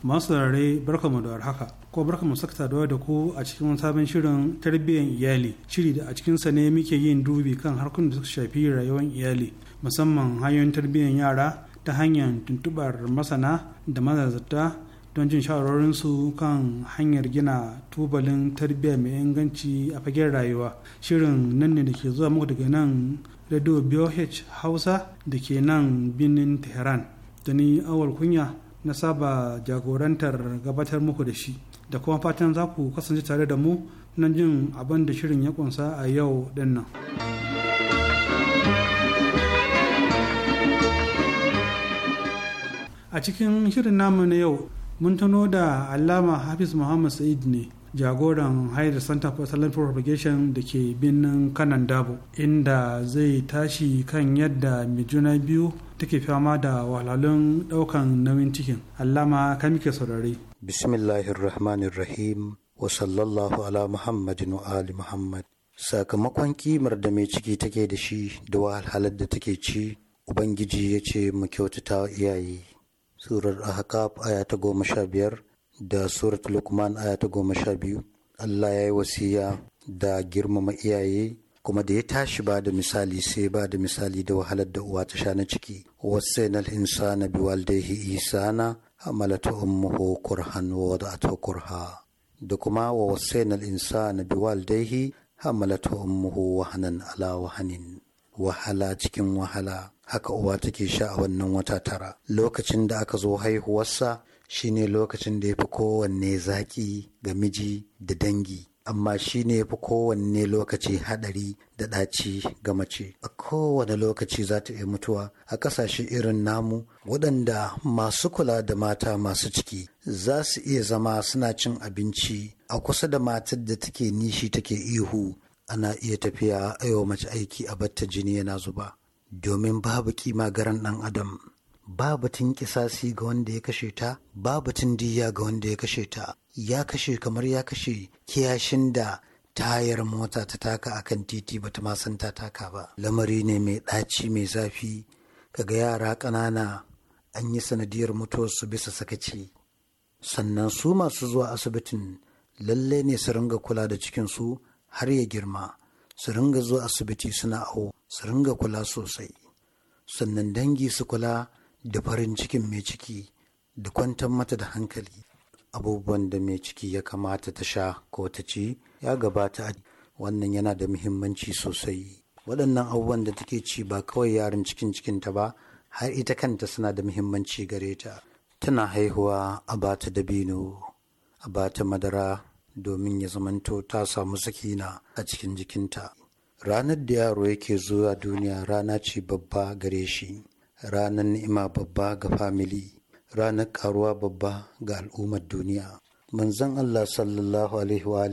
masu rarrai barkamu da warhaka ko barkamu saka da da ku a cikin sabon shirin tarbiyyar iyali shiri da a cikinsa ne muke yin dubi kan harkokin da suka shafi rayuwar iyali musamman hanyoyin tarbiyyar yara ta hanyar tuntubar masana da mazazata don jin shawarorinsu kan hanyar gina tubalin tarbiyya mai inganci a fagen rayuwa shirin nan ne da ke zuwa muku daga nan radio bioh hausa da ke nan Binin tehran da ni awal kunya na saba jagorantar gabatar muku da shi da kuma fatan za ku kasance tare da mu nan jin abin da shirin ya kunsa a yau din nan. a cikin shirin namu na yau mun tuno da alama hafiz muhammad sa'id ne jagoran haida center for talent propagation da ke birnin kanan dabo inda zai tashi kan yadda mai biyu take fama da wahalhalun daukan nauyin cikin allama kan muke saurare bismillahirrahmanirrahim wa sallallahu ala muhammadin wa ali muhammad sakamakon kimar da mai ciki take da shi da wahalhalar da take ci ubangiji ya ce mu kyautata iyaye surar ahqaf aya ta goma sha biyar da surat lukman aya ta goma sha biyu allah ya yi wasiya da girmama iyaye kuma da ya tashi ba da misali sai ba da misali da wahalar da uwa ta sha na ciki wasainal insana biwaldaihi isana hamalata ummuhu kurhan wa wada'atu kurha da kuma wa wasainal insana biwaldaihi hamalata ummuhu wahanan ala wahanin wahala cikin wahala haka uwa take sha a wannan wata tara lokacin da aka zo haihuwarsa Shi ne lokacin da ya fi kowanne zaƙi ga miji da dangi amma shi ne ya fi kowanne lokaci haɗari da ɗaci ga mace a kowane lokaci za ta iya mutuwa a ƙasashe irin namu waɗanda masu kula da mata masu ciki za su iya zama suna cin abinci a kusa da matar da take nishi take ihu ana iya tafiya a mace aiki a batta jini yana zuba domin babu kima garan ɗan adam ba batun kisasi ga wanda ya kashe ta ba batun diya ga wanda ya kashe ta ya kashe kamar ya kashe kiyashin da tayar mota ta taka akan titi bata ma san ta taka ba lamari ne mai ɗaci mai zafi kaga yara ƙanana an yi sanadiyar mutuwarsu bisa sakaci sannan su masu zuwa asibitin lallai ne su ringa kula da cikinsu har ya girma su ringa zuwa asibiti suna au su ringa kula sosai sannan dangi su kula da farin cikin mai ciki da kwantar mata da hankali abubuwan da mai ciki ya kamata ta sha ko ta ci ya gabata a wannan yana da muhimmanci sosai waɗannan abubuwan da take ci ba kawai yaran cikin cikinta ba har ita kanta suna da muhimmanci gare ta tana haihuwa a bata dabino a bata madara domin ya zamanto ta samu sakina a cikin jikinta ranar da yaro yake zuwa duniya rana ce babba gare shi ranar ni'ima babba ga famili ranar karuwa babba ga al'ummar duniya manzon allah sallallahu alaihi wa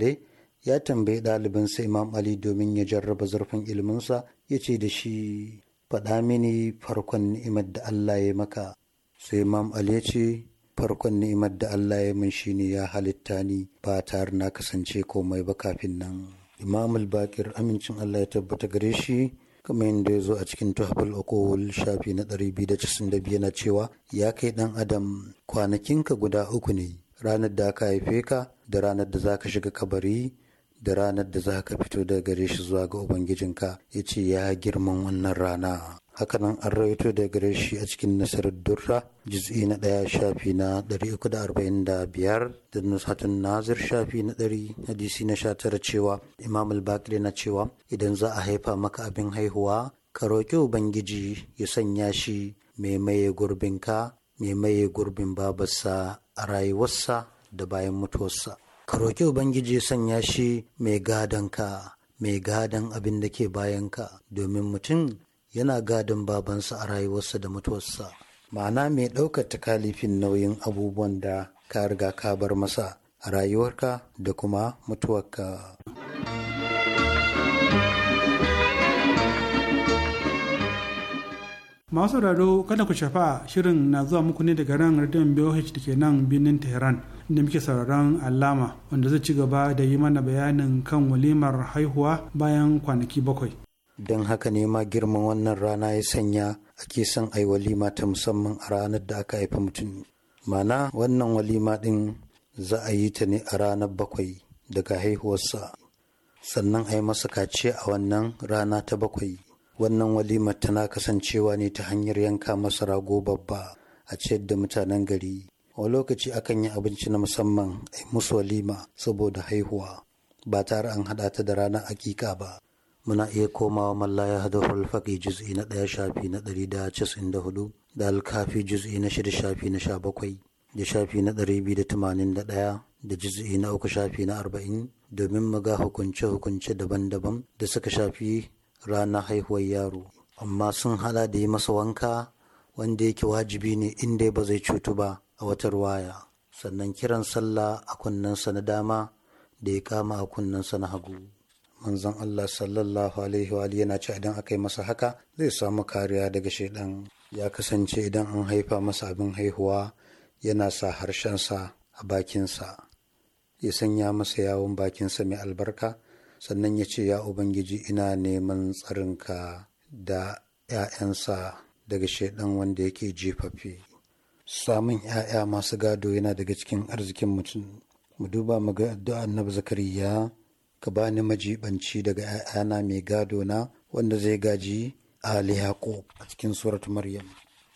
ya tambayi ɗalibinsa imam ali domin ya jarraba zurfin iliminsa ya ce da shi faɗa mini farkon ni'imar da allah ya maka sai imam ali ya ce farkon ni'imar da allah ya min shine ya halitta ni ba tare na kasance komai ba kafin nan imam bakir amincin allah ya tabbata gare shi kamar yadda ya zo a cikin tuhaful okowul shafi na 292 na cewa ya kai ɗan adam kwanakinka guda uku ne ranar da aka haife ka da ranar da za ka shiga kabari da ranar da za ka fito daga gare shi zuwa ga ubangijinka ya ce ya girman wannan rana hakanan an rawaito da gare shi a cikin nasarar durra juz'i na ɗaya shafi na 345 da nusatun nazir shafi na 100 hadisi na tara cewa imam al-bakir na cewa idan za a haifa maka abin haihuwa ka roƙi ubangiji ya sanya shi mai maye gurbinka mai maye gurbin babarsa a rayuwarsa da bayan mutuwarsa ka roƙi ubangiji ya sanya shi mai gadon ka, mai gadon abin da ke bayan ka, domin mutum yana gadin babansa a rayuwarsa da mutuwarsa ma'ana mai ɗaukar takalifin nauyin abubuwan da ka riga ka bar masa a rayuwarka da kuma mutuwarka. masu raro kada ku shafa shirin na zuwa muku ne daga ran radiyon boh da ke nan birnin tehran inda muke sauraron alama wanda zai ci gaba da yi mana bayanin kan walimar haihuwa bayan kwanaki bakwai don haka ne ma girman wannan rana ya sanya ake son ai walima ta musamman a ranar da aka haifa mutum mana wannan walima din za a yi ta ne a ranar bakwai daga haihuwarsa sannan a yi masa kace a wannan rana ta bakwai wannan walimar tana kasancewa ne ta hanyar yanka masa rago babba a ciyar da mutanen gari a lokaci akan yi abinci na musamman a musu walima saboda haihuwa ba tare an haɗa ta da ranar akika ba muna iya komawa mallaya hada hulfaki juz'i na ɗaya shafi na ɗari da casin da hudu da alkafi juz'i na shida shafi na sha bakwai da shafi na ɗari biyu da tamanin da ɗaya da juz'i na uku shafi na arba'in domin mu ga hukunce-hukunce daban-daban da suka shafi ranar haihuwar yaro amma sun hada da yi masa wanka wanda yake wajibi ne inda ba zai cutu ba a wata ruwaya sannan kiran sallah a kunnensa na dama da ya kama a kunnensa na hagu manzon Allah sallallahu alaihi wa yana ce idan aka yi masa haka zai samu kariya daga shaidan ya kasance idan an haifa masa abin haihuwa yana sa harshensa a bakinsa ya sanya masa yawon bakinsa mai albarka sannan ya ce ya ubangiji ina neman tsarinka da 'ya'yansa daga shaidan wanda yake jefafi. samun 'ya'ya masu gado yana daga cikin arzikin mutum mu duba mu ga addu'a annabi zakariya ka bani majibanci daga ‘ya'yana mai gado na wanda zai gaji Ali Yaqub a cikin surat Maryam.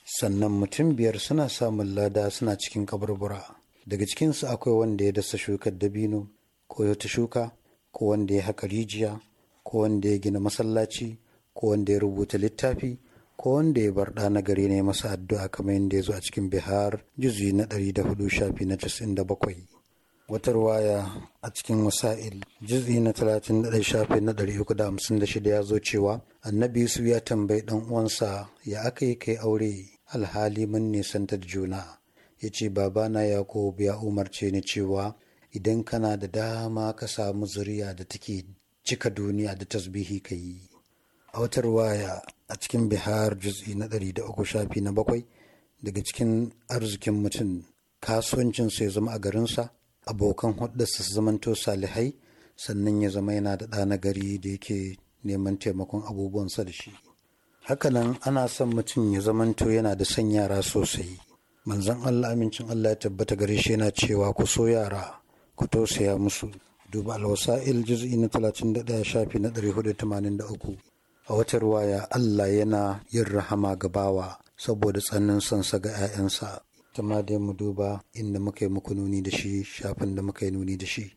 Sannan mutum biyar suna samun lada suna cikin kaburbura. Daga cikinsu akwai wanda ya dasa shukar dabino, ko ya ta shuka, ko wanda ya haka rijiya, ko wanda ya gina masallaci, ko wanda ya rubuta littafi, ko wanda ya bar ɗa na gari ne masa addu'a kamar yadda ya zo a cikin Bihar, juzi na ɗari da hudu shafi na casa'in da bakwai. wata ruwaya a cikin wasa'il juz'i na 31 shafi na 356 ya zo cewa annabi su ya tambayi ɗan uwansa ya aka yi kai aure alhali mun nisantar juna ya ce babana yakub ya umarce ni cewa idan kana da dama ka samu zuriya da take cika duniya da tasbihi ka yi a wata ruwaya a cikin bihar juz'i na 300 shafi na bakwai daga cikin arzikin mutum kasuwancinsa ya zama a garinsa abokan hudarsa su zamanto salihai sannan ya zama yana da ɗana gari da yake neman taimakon abubuwansa da shi hakanan ana son mutum ya zamanto yana da son yara sosai manzon allah amincin allah ya tabbata gare shi yana cewa ku so yara ku tausaya musu duba alwasa'il juz'i na 31 shafi na 483 a wata ruwaya allah yana yin rahama ga bawa saboda tsannin sansa ga 'ya'yansa ma dai mu duba inda muka yi muku nuni da shi shafin da muka yi nuni da shi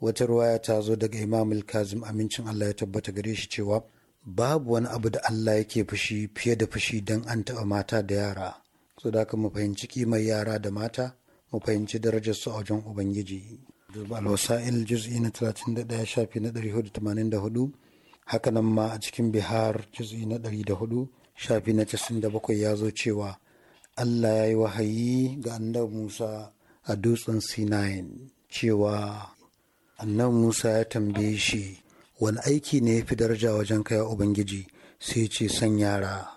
wata ruwaya ta zo daga imam kazim amincin allah ya tabbata gare shi cewa babu wani abu da allah yake fushi fiye da fushi don an taɓa mata da yara so da mu fahimci kimar yara da mata mu fahimci darajar su a wajen ubangiji duba alwasa'il juz'i na 31 shafi na 484 hakanan ma a cikin bihar juz'i na 104 shafi na 97 ya zo cewa Allah ya yi wahayi ga annabi Musa a dutsen Sinai cewa annabi Musa ya tambaye shi wani aiki ne ya fi daraja wajen kai Ubangiji sai ce san yara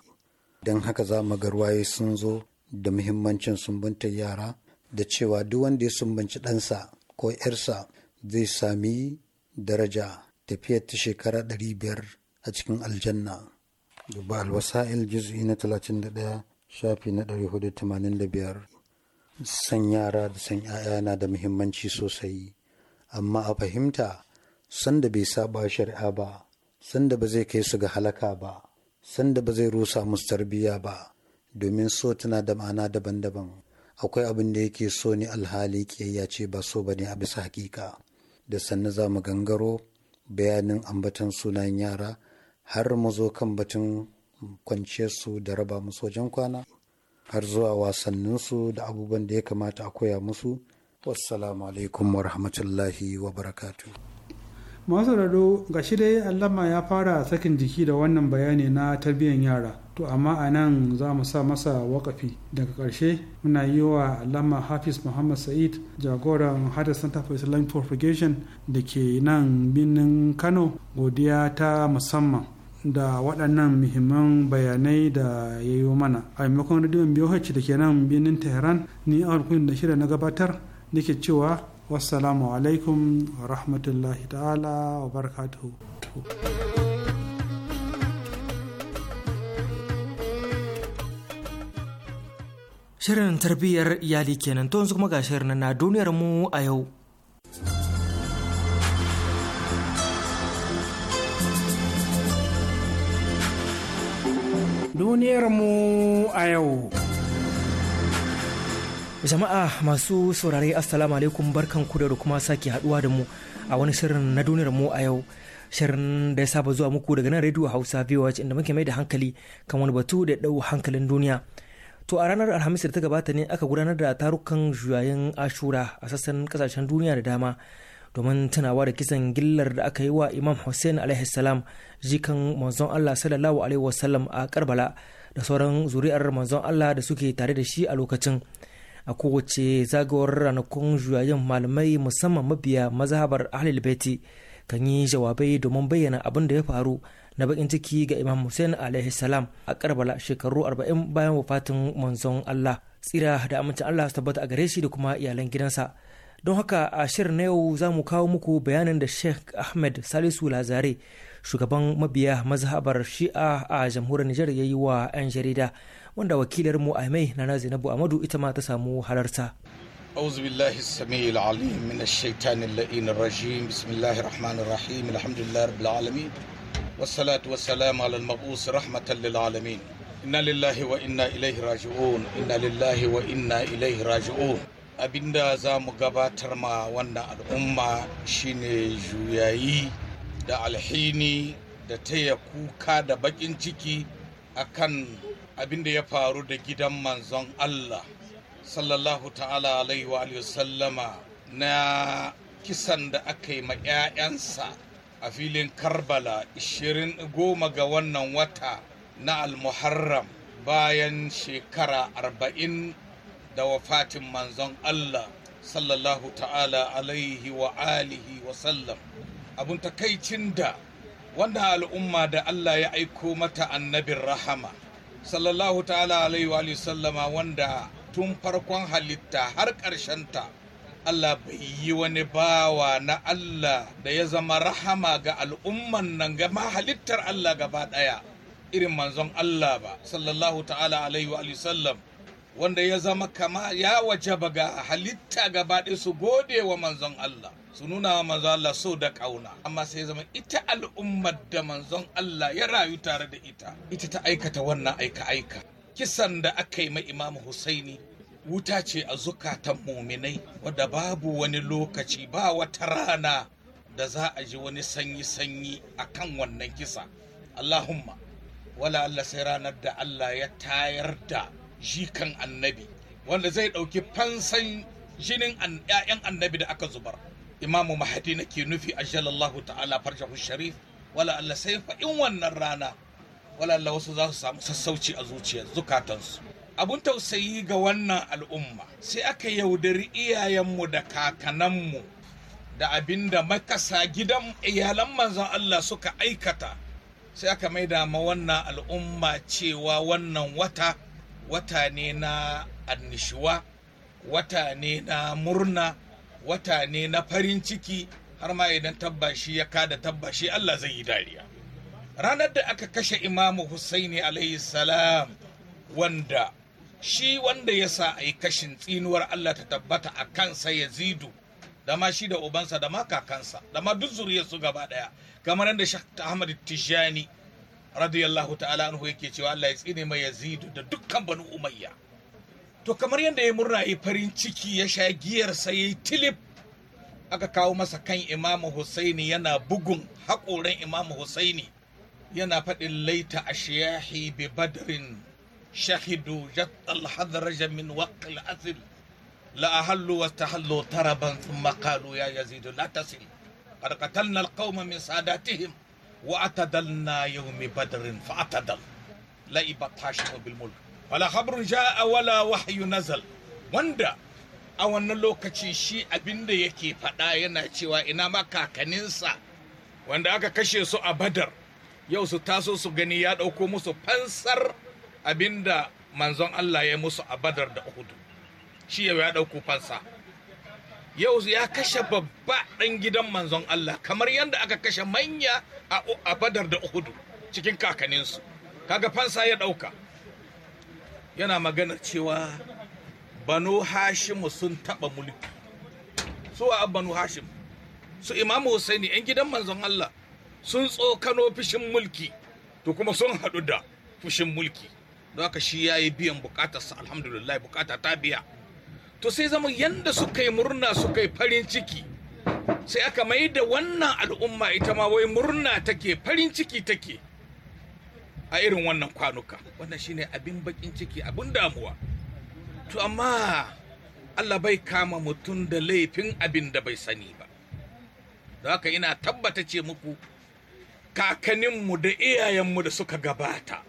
don haka za mu garwaye sun zo da muhimmancin sumbantar yara da cewa duk wanda ya sumbanci ɗansa ko 'yarsa zai sami daraja tafiyar ta shekara 500 a cikin aljanna. Duba alwasa'il juz'i na 31 shafi na biyar san yara da san 'ya'ya na da muhimmanci sosai amma a fahimta sanda bai saba shari'a ba sanda ba zai kai su ga halaka ba sanda ba zai rusa musu tarbiyya ba domin so tana da ma'ana daban-daban akwai abin da yake so ne alhali kiyayya ce ba so ba ne a bisa hakika da sannan za mu gangaro bayanin ambatan sunan yara har mu zo kan batun kwance su da raba musu wajen kwana har zuwa wasannin su da abubuwan da ya kamata a koya musu wassalamu alaikum wa rahmatullahi wa barakatu masu rado ga shi dai allama ya fara sakin jiki da wannan bayani na tarbiyyar yara to amma a nan za mu sa masa wakafi daga ƙarshe muna yi wa allama hafiz muhammad sa'id jagoran hada center for islamic propagation da ke nan birnin kano godiya ta musamman da waɗannan muhimman bayanai da ya yi mana a maimakon rediyon hajji da ke nan birnin Tehran ni a da shirya na gabatar da ke cewa wassalamu alaikum wa rahmatullahi ta'ala wa barakatuhu. Shirin tarbiyyar iyali kenan to yanzu kuma ga shirin na duniyar mu a yau. duniyarmu a yau. Jama'a masu saurare Assalamu alaikum barkan ku da kuma sake haduwa da mu a wani shirin na duniyar mu a yau. Shirin da ya saba zuwa muku daga nan Radio Hausa VOH inda muke mai da hankali kan wani batu da dau hankalin duniya. To a ranar Alhamis da ta gabata ne aka gudanar da tarukan juyayen Ashura a sassan kasashen duniya da dama. domin tunawa da kisan gillar da aka yi wa imam hussein alaihi jikan manzon allah sallallahu alaihi wasallam a karbala da sauran zuri'ar manzon allah da suke tare da shi a lokacin a kowace zagawar ranakun juyayen malamai musamman mabiya mazhabar ahlul baiti kan yi jawabai domin bayyana abin da ya faru na bakin ciki ga imam hussein alaihi a karbala shekaru arba'in bayan wafatin manzon allah tsira da amincin allah su tabbata a gare shi da kuma iyalan gidansa don haka a shirin na yau za mu kawo muku bayanin da sheikh ahmed salisu lazare shugaban mabiya mazhabar shi'a a jamhuriyar nijar ya yi wa 'yan jarida wanda wakilar mu a mai na zainabu amadu ita ma ta samu halarta أعوذ بالله السميع العليم من والصلاة والسلام على المبعوث رحمة للعالمين إنا لله وإنا إليه راجعون إنا لله وإنا إليه راجعون abinda za mu gabatar ma wannan al'umma shine juyayi da alhini da taya kuka da bakin ciki a akan abinda ya faru da gidan manzon Allah sallallahu ta'ala alaihi wa sallama na kisan da aka yi ma 'ya'yansa a filin karbala 20 ga wannan wata na al-Muharram bayan shekara arba'in. da wafatin manzon Allah sallallahu ta'ala alaihi wa alihi wa sallam abun takaicin da wannan al'umma da Allah ya aiko mata annabin rahama sallallahu ta'ala alaihi wa sallama wanda tun farkon halitta har ta, Allah bai yi wani bawa na Allah da ya zama rahama ga al'umman nan ga halittar Allah gaba ɗaya irin manzon Allah ba sallallahu ta'ala alaihi wa sallam wanda ya zama kama ya wajaba ga halitta gaba ɗaya su gode wa manzon Allah su nuna wa manzon Allah so da ƙauna amma sai zama ita al'ummar da manzon Allah ya rayu tare da ita ita ta aikata wannan aika-aika kisan da aka yi ma Imam Husaini wuta ce a zukatan muminai wadda babu wani lokaci ba wata rana da za a ji wani sanyi-sanyi a kan wannan kisa Allahumma wala Allah sai ranar da Allah ya tayar da jikan annabi wanda zai ɗauki fansan jinin 'ya'yan annabi da aka zubar imamu mahadi na ke nufi a jalallahu ta'ala farjahu sharif wala Allah sai fa in wannan rana wala Allah wasu za su samu sassauci a zuciyar zukatansu abun tausayi ga wannan al'umma sai aka yaudari iyayenmu da kakananmu da abin da makasa gidan iyalan manzon Allah suka aikata sai aka maida ma wannan al'umma cewa wannan wata wata ne na annishuwa wata ne na murna wata ne na farin ciki har ma idan tabbashi ya kada tabbashi Allah zai yi dariya ranar da aka kashe imamu Hussaini alayhi salam wanda shi wanda ya sa a yi kashin tsinuwar Allah ta tabbata a kansa ya zidu da ma shi da ubansa da ma kakansa da ma duk zuriyarsu gaba daya kamar yadda Ahmad Tijani radiyallahu ta'ala anhu yake cewa Allah ya tsine mai Yazidu da dukkan Banu Umayya to kamar yadda ya murna yi farin ciki ya sha giyar sa yayi tilip aka kawo masa kan Imam Husaini yana bugun hakoran Imam Husaini yana faɗin laita ashiyahi bi badrin shahidu jattal hadraja min waqil asir la ahallu wa tahallu taraban thumma qalu ya yazidu la tasil qad qatalna alqawma min sadatihim وأتدلنا يوم بدر فأتدل لئب الطاشر بالملك ولا خبر جاء ولا وحي نزل وندا a wannan lokaci shi abin da yake faɗa yana cewa ina ma kakaninsa wanda aka kashe su a badar yau su taso su gani ya ɗauko musu fansar abin da manzon Allah ya musu a badar da uhudu shi yau ya ɗauko fansa yau ya kashe babba ɗan gidan manzon Allah kamar yadda aka kashe manya a badar da uhudu cikin kakaninsu kaga fansa ya ɗauka yana magana cewa banu hashimu sun taɓa mulki su a banu hashim su imamu husaini 'yan gidan manzon Allah sun tsokano fushin mulki to kuma sun haɗu da fushin mulki don haka shi ya yi biyan bukatarsa alhamdulillah bukata ta biya to sai zama yanda suka yi murna suka yi farin ciki sai aka mai da wannan al'umma ita ma wai murna take farin ciki take a irin wannan kwanuka wannan shine abin bakin ciki abin damuwa to amma Allah bai kama mutum da laifin abin da bai sani ba da haka ina tabbata ce muku kakaninmu da iyayenmu da suka gabata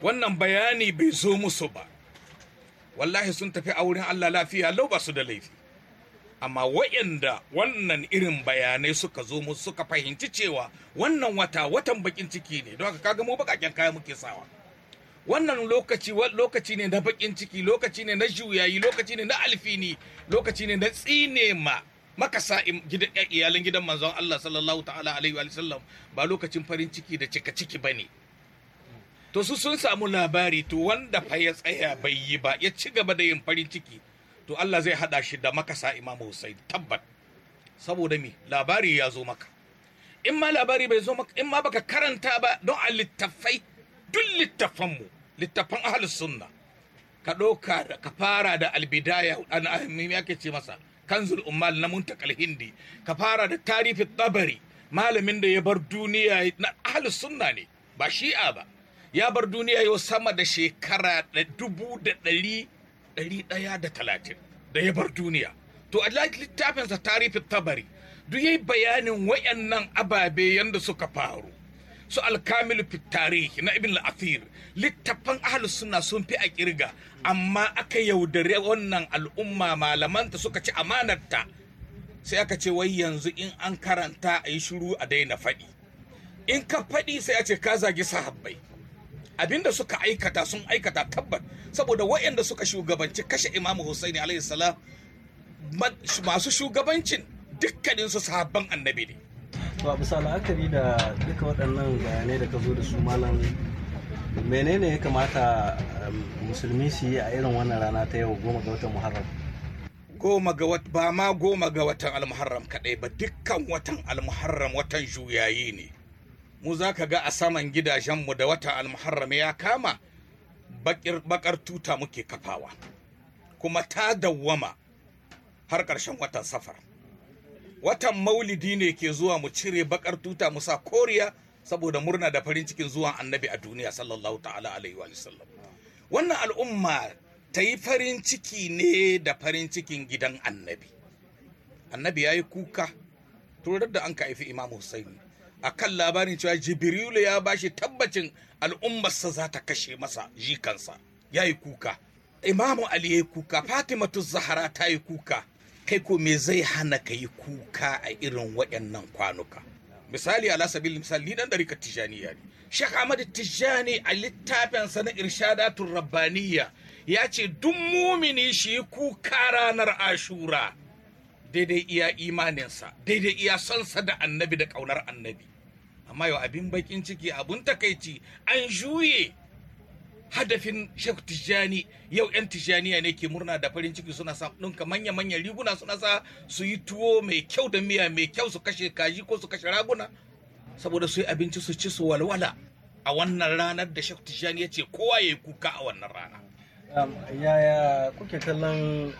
wannan bayani bai zo musu ba wallahi sun tafi a wurin Allah lafiya lau ba su da laifi amma wayanda wannan irin bayanai suka zo musu suka fahimci cewa wannan wata watan bakin ciki ne don haka kaga mu bakaken kaya muke sawa wannan lokaci lokaci ne na bakin ciki lokaci ne na juyayi lokaci ne na alfini lokaci ne na tsine ma makasa eh, iyalin gidan manzon Allah sallallahu ta'ala alaihi wa sallam ba lokacin farin ciki da cika ciki ba ne. to su sun samu labari to wanda fa ya tsaya bai yi ba ya ci gaba da yin farin ciki to Allah zai hada shi da makasa Imam Hussein tabbat saboda me labari ya zo maka in ma labari bai zo maka in ma baka karanta ba don a littafai duk littafan mu littafan ahlus sunna ka ɗauka ka fara da albidaya an ahimmi yake ce masa kanzul ummal na muntakal hindi ka fara da tarifi tabari malamin da ya bar duniya na ahlus sunna ne ba shi'a ba ya bar duniya yau sama da shekara da dubu da ɗari ɗari ɗaya da talatin da ya bar duniya to a littafinsa tarifi tabari duk yi bayanin wayannan ababe yanda suka faru su alkamilu fi tarihi na ibn al-athir littafan ahlus sunna sun fi a kirga amma aka yaudare wannan al'umma malamanta suka ci amanarta sai aka ce wai yanzu in an karanta ayi shiru a daina faɗi in ka faɗi sai a ce ka zagi sahabbai abinda suka aikata sun aikata tabbat saboda waɗanda suka shugabanci kashe imamu Hussaini alayhi salam masu shugabancin dukkanin su sahabban annabi ne to a bisa la'akari da duka waɗannan bayanai da ka zo da su malam menene ya kamata um, musulmi su yi a irin wannan rana ta yau goma ga watan muharram goma ga wata ba ma goma ga watan almuharram kadai ba dukkan watan almuharram watan juyayi ne mu za ka ga a saman gidajenmu da wata almuharram ya kama bakar tuta muke kafawa kuma ta dawwama har ƙarshen watan safar watan maulidi ne ke zuwa mu cire bakar tuta mu sa koriya saboda murna da farin cikin zuwan annabi a duniya sallallahu ta'ala alaihi wa sallam wannan al'umma ta yi farin ciki ne da farin cikin gidan annabi annabi ya yi kuka turar da an ka haifi imam Hussaini. A kan labarin cewa jibrilu ya bashi tabbacin al'ummarsa za ta kashe masa jikansa ya yi kuka imamu ali ya yi kuka fatimatu zahara ta yi kuka kai ko me zai hana ka yi kuka a irin waɗannan kwanuka misali ala sabili misali dan rika tijaniya ne shek ahmad tijani a littafinsa na irshadatun rabbaniya ya ce duk mumini shi kuka ranar ashura daidai iya imaninsa daidai iya sonsa da annabi da ƙaunar annabi amma yau abin bakin ciki abun takaici an juye hadafin Sheikh Tijani yau 'yan Tijaniya ne ke murna da farin ciki suna sa ɗinka manya-manyan riguna suna sa su yi tuwo mai kyau da miya mai kyau su kashe kaji ko su kashe raguna saboda su yi abinci su ci su walwala a wannan ranar da Sheikh Tijani ya ce kowa ya yi kuka a wannan rana. yaya kuke kallon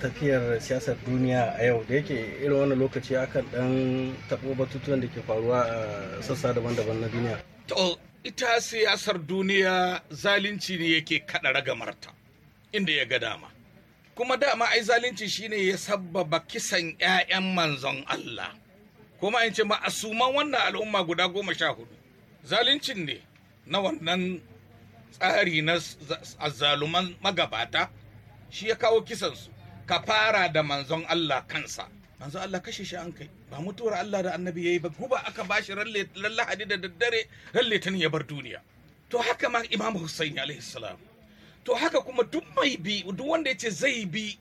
tafiyar siyasar duniya a yau da yake irin wani lokaci akan dan taɓo batutuwan da ke faruwa a sassa daban-daban na duniya to ita siyasar duniya zalunci ne yake kaɗa ragamarta inda ya ga dama kuma dama ai zalunci shine ya sabbaba kisan 'ya'yan manzon Allah kuma in ce ma ma'asuman wannan al'umma guda goma sha hudu zaluncin ne na wannan tsari na azzaluman magabata shi ya kawo kisansu ka fara da manzon Allah kansa manzon Allah kashe shi an kai ba mutuwar Allah da annabi yayi ba guba aka bashi ralle lahadi da daddare ralle tun ya bar duniya to haka ma imamu husaini alaihi salam to haka kuma duk mai bi duk wanda yace zai bi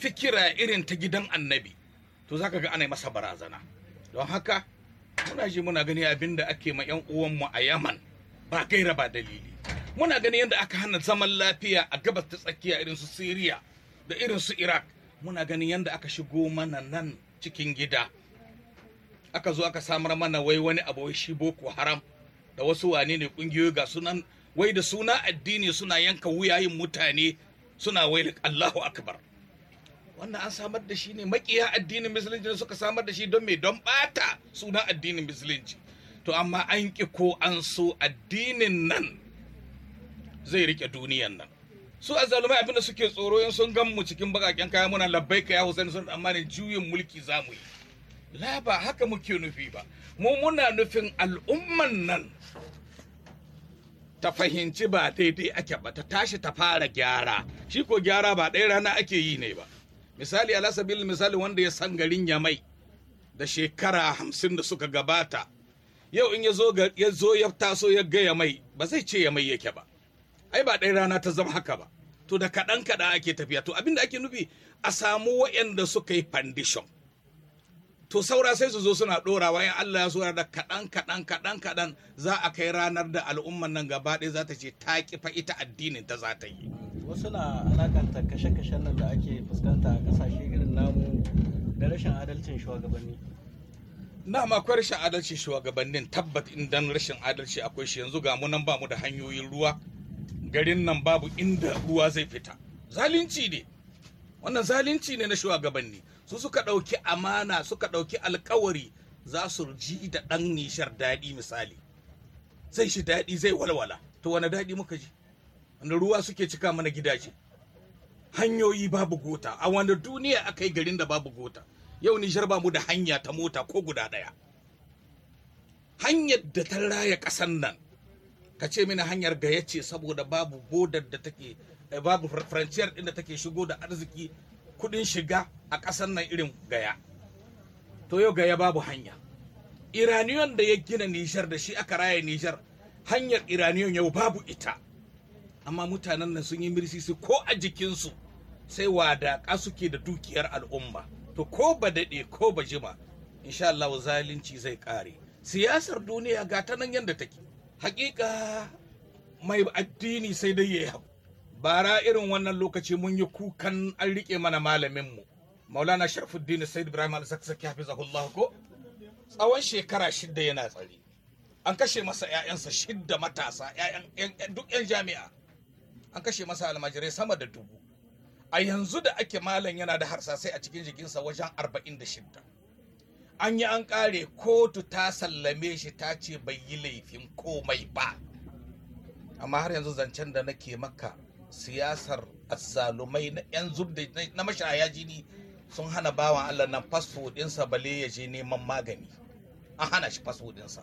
fikira irin ta gidan annabi to zaka ga ana masa barazana don haka muna ji muna gani abin da ake ma 'yan uwanmu a yaman ba gaira ba dalili muna ganin yadda aka hana zaman lafiya a gabas ta tsakiya irin su Syria da irin su Iraq muna ganin yadda aka shigo mana nan cikin gida aka zo aka samar mana wai wani abu shi boko haram da wasu wane ne kungiyoyi ga sunan wai da suna addini suna yanka wuyayin mutane suna wai Allahu akbar wannan an samar da shi ne makiya addinin musulunci ne suka samar da shi don mai don bata suna addinin musulunci to amma an ki ko an so addinin nan zai rike duniyan nan su azalumai abinda suke tsoro in sun gan mu cikin bakaken kaya muna ka ya Hussein sun amma ne juyin mulki zamu yi la ba haka muke nufi ba mu muna nufin al'umman nan ta fahimci ba daidai ake ba ta tashi ta fara gyara shi ko gyara ba ɗaya rana ake yi ne ba misali alasabil misali wanda ya san garin yamai da shekara hamsin da suka gabata yau in ya zo ya taso ya ga yamai ba zai ce yamai yake ba ai ba ɗaya rana ta zama haka ba to da kaɗan kaɗan ake tafiya to abinda ake nufi a samu waɗanda suka yi foundation to saura sai su zo suna ɗorawa in Allah ya so da kaɗan kaɗan kaɗan kaɗan za a kai ranar da al'umman nan gaba ɗaya za ta ce ta kifa ita addinin ta za ta yi wasu na alakanta kashe-kashen nan da ake fuskanta a ƙasashe irin namu da rashin adalcin shugabanni na akwai rashin adalci shugabannin tabbat in rashin adalci akwai shi yanzu ga mu nan ba mu da hanyoyin ruwa garin nan babu inda ruwa zai fita zalunci ne wannan zalunci ne na shugabanni su suka ɗauki amana suka ɗauki alkawari za su ji da ɗan nishar daɗi misali zai shi daɗi zai walwala to wani daɗi muka ji Wani ruwa suke cika mana gidaje hanyoyi babu gota a wani duniya aka yi garin da babu gota yau nishar ba mu da hanya ta mota ko guda ɗaya hanyar da ta raya ƙasan nan ka ce mini hanyar gayyace saboda babu bodar da take eh, babu faranciyar din da take shigo da arziki kudin shiga a ƙasar nan irin gaya to yau gaya babu hanya iraniyon da ya gina nijar da shi aka raya nijar hanyar iraniyon yau babu ita amma mutanen nan sun yi mirsisi ko a jikinsu sai wadaƙa suke da dukiyar al'umma to ko ba daɗe ko ba jima insha Allah zalunci zai kare siyasar duniya ga ta nan yadda take hakika mai addini sai dai ya yi bara irin wannan lokaci mun yi kukan an rike mana malaminmu maulana sharfuddin said ibrahim al-saksaki hafizahullah ko tsawon shekara shidda yana tsari an kashe masa 'ya'yansa shidda matasa duk 'yan jami'a an kashe masa almajirai sama da dubu a yanzu da ake malam yana da harsasai a cikin jikinsa wajen arba'in da shidda an yi an kare kotu ta sallame shi ta ce bai yi laifin komai ba amma har yanzu zancen da nake maka siyasar azzalumai na yan zub na mashaya jini sun hana bawan allah na fasfo bale ya je neman magani an hana shi fasfo ɗinsa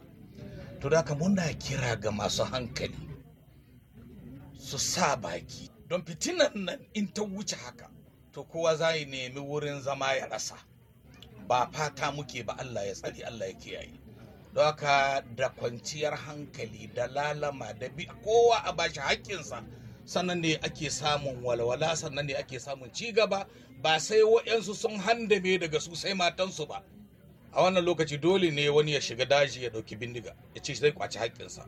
to da ka muna kira ga masu hankali su sa baki don fitinan nan in ta wuce haka to kowa za nemi wurin zama ya rasa ba fata muke ba Allah ya tsari Allah ya kiyaye don haka da kwanciyar hankali da lalama da bi kowa a bashi haƙƙinsa sannan ne ake samun walwala sannan ne ake samun ci gaba ba sai waɗansu sun handame daga su sai matansu ba a wannan lokaci dole ne wani ya shiga daji ya ɗauki bindiga ya ce zai kwaci haƙƙinsa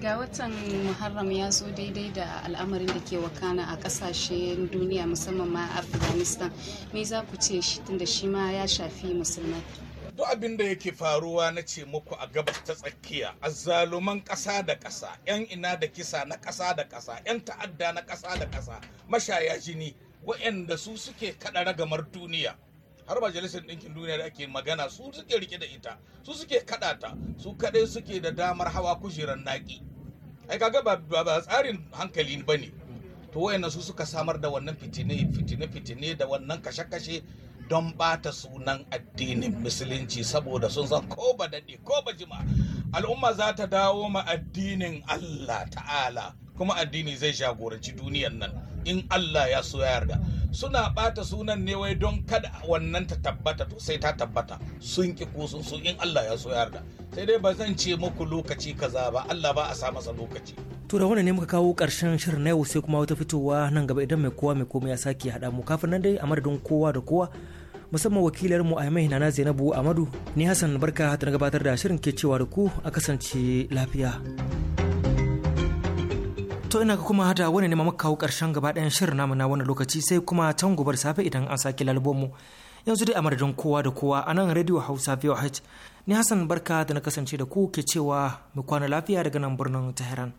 ga watan muharram ya zo daidai da al'amarin da ke wakana a kasashen duniya musamman ma afghanistan me za ku ce shi tunda shi ma ya shafi musulmai duk abin da yake faruwa na ce muku a gabas ta tsakiya azzaluman kasa da kasa 'yan ina da kisa na kasa da kasa 'yan ta'adda na kasa da kasa mashaya jini waɗanda su suke kaɗa ragamar duniya har majalisar ɗinkin duniya da ake magana su suke rike da ita su suke kaɗa ta su kaɗai suke da damar hawa kujerar naƙi ai kaga ba tsarin hankali ba ne to wayannan su suka samar da wannan fitine fitine fitine da wannan kashe kashe don bata sunan addinin musulunci saboda sun san ko ba daɗe ko ba jima al'umma za ta dawo ma addinin Allah ta'ala kuma addini zai jagoranci duniyar nan in Allah ya so ya yarda suna bata sunan ne wai don kada wannan ta tabbata to sai ta tabbata sun ki ko sun so in Allah ya so yarda sai dai ba zan ce muku lokaci kaza ba Allah ba a sa masa lokaci to da wannan ne muka kawo karshen shirin na yau sai kuma wata fitowa nan gaba idan mai kowa mai komai ya sake haɗa mu kafin nan dai a madadin kowa da kowa musamman wakilar mu a nana Zainabu ahmadu ni Hassan barka ta gabatar da shirin ke cewa da ku a kasance lafiya to ina ka kuma hada wani ne ma karshen gaba ɗayan shirin namu na wani lokaci sai kuma can gobar safe idan an sake lalbomu yanzu dai a madadin kowa da kowa a nan radio hausa voh ni hassan barka da na kasance da ku ke cewa mu kwana lafiya daga nan birnin tehran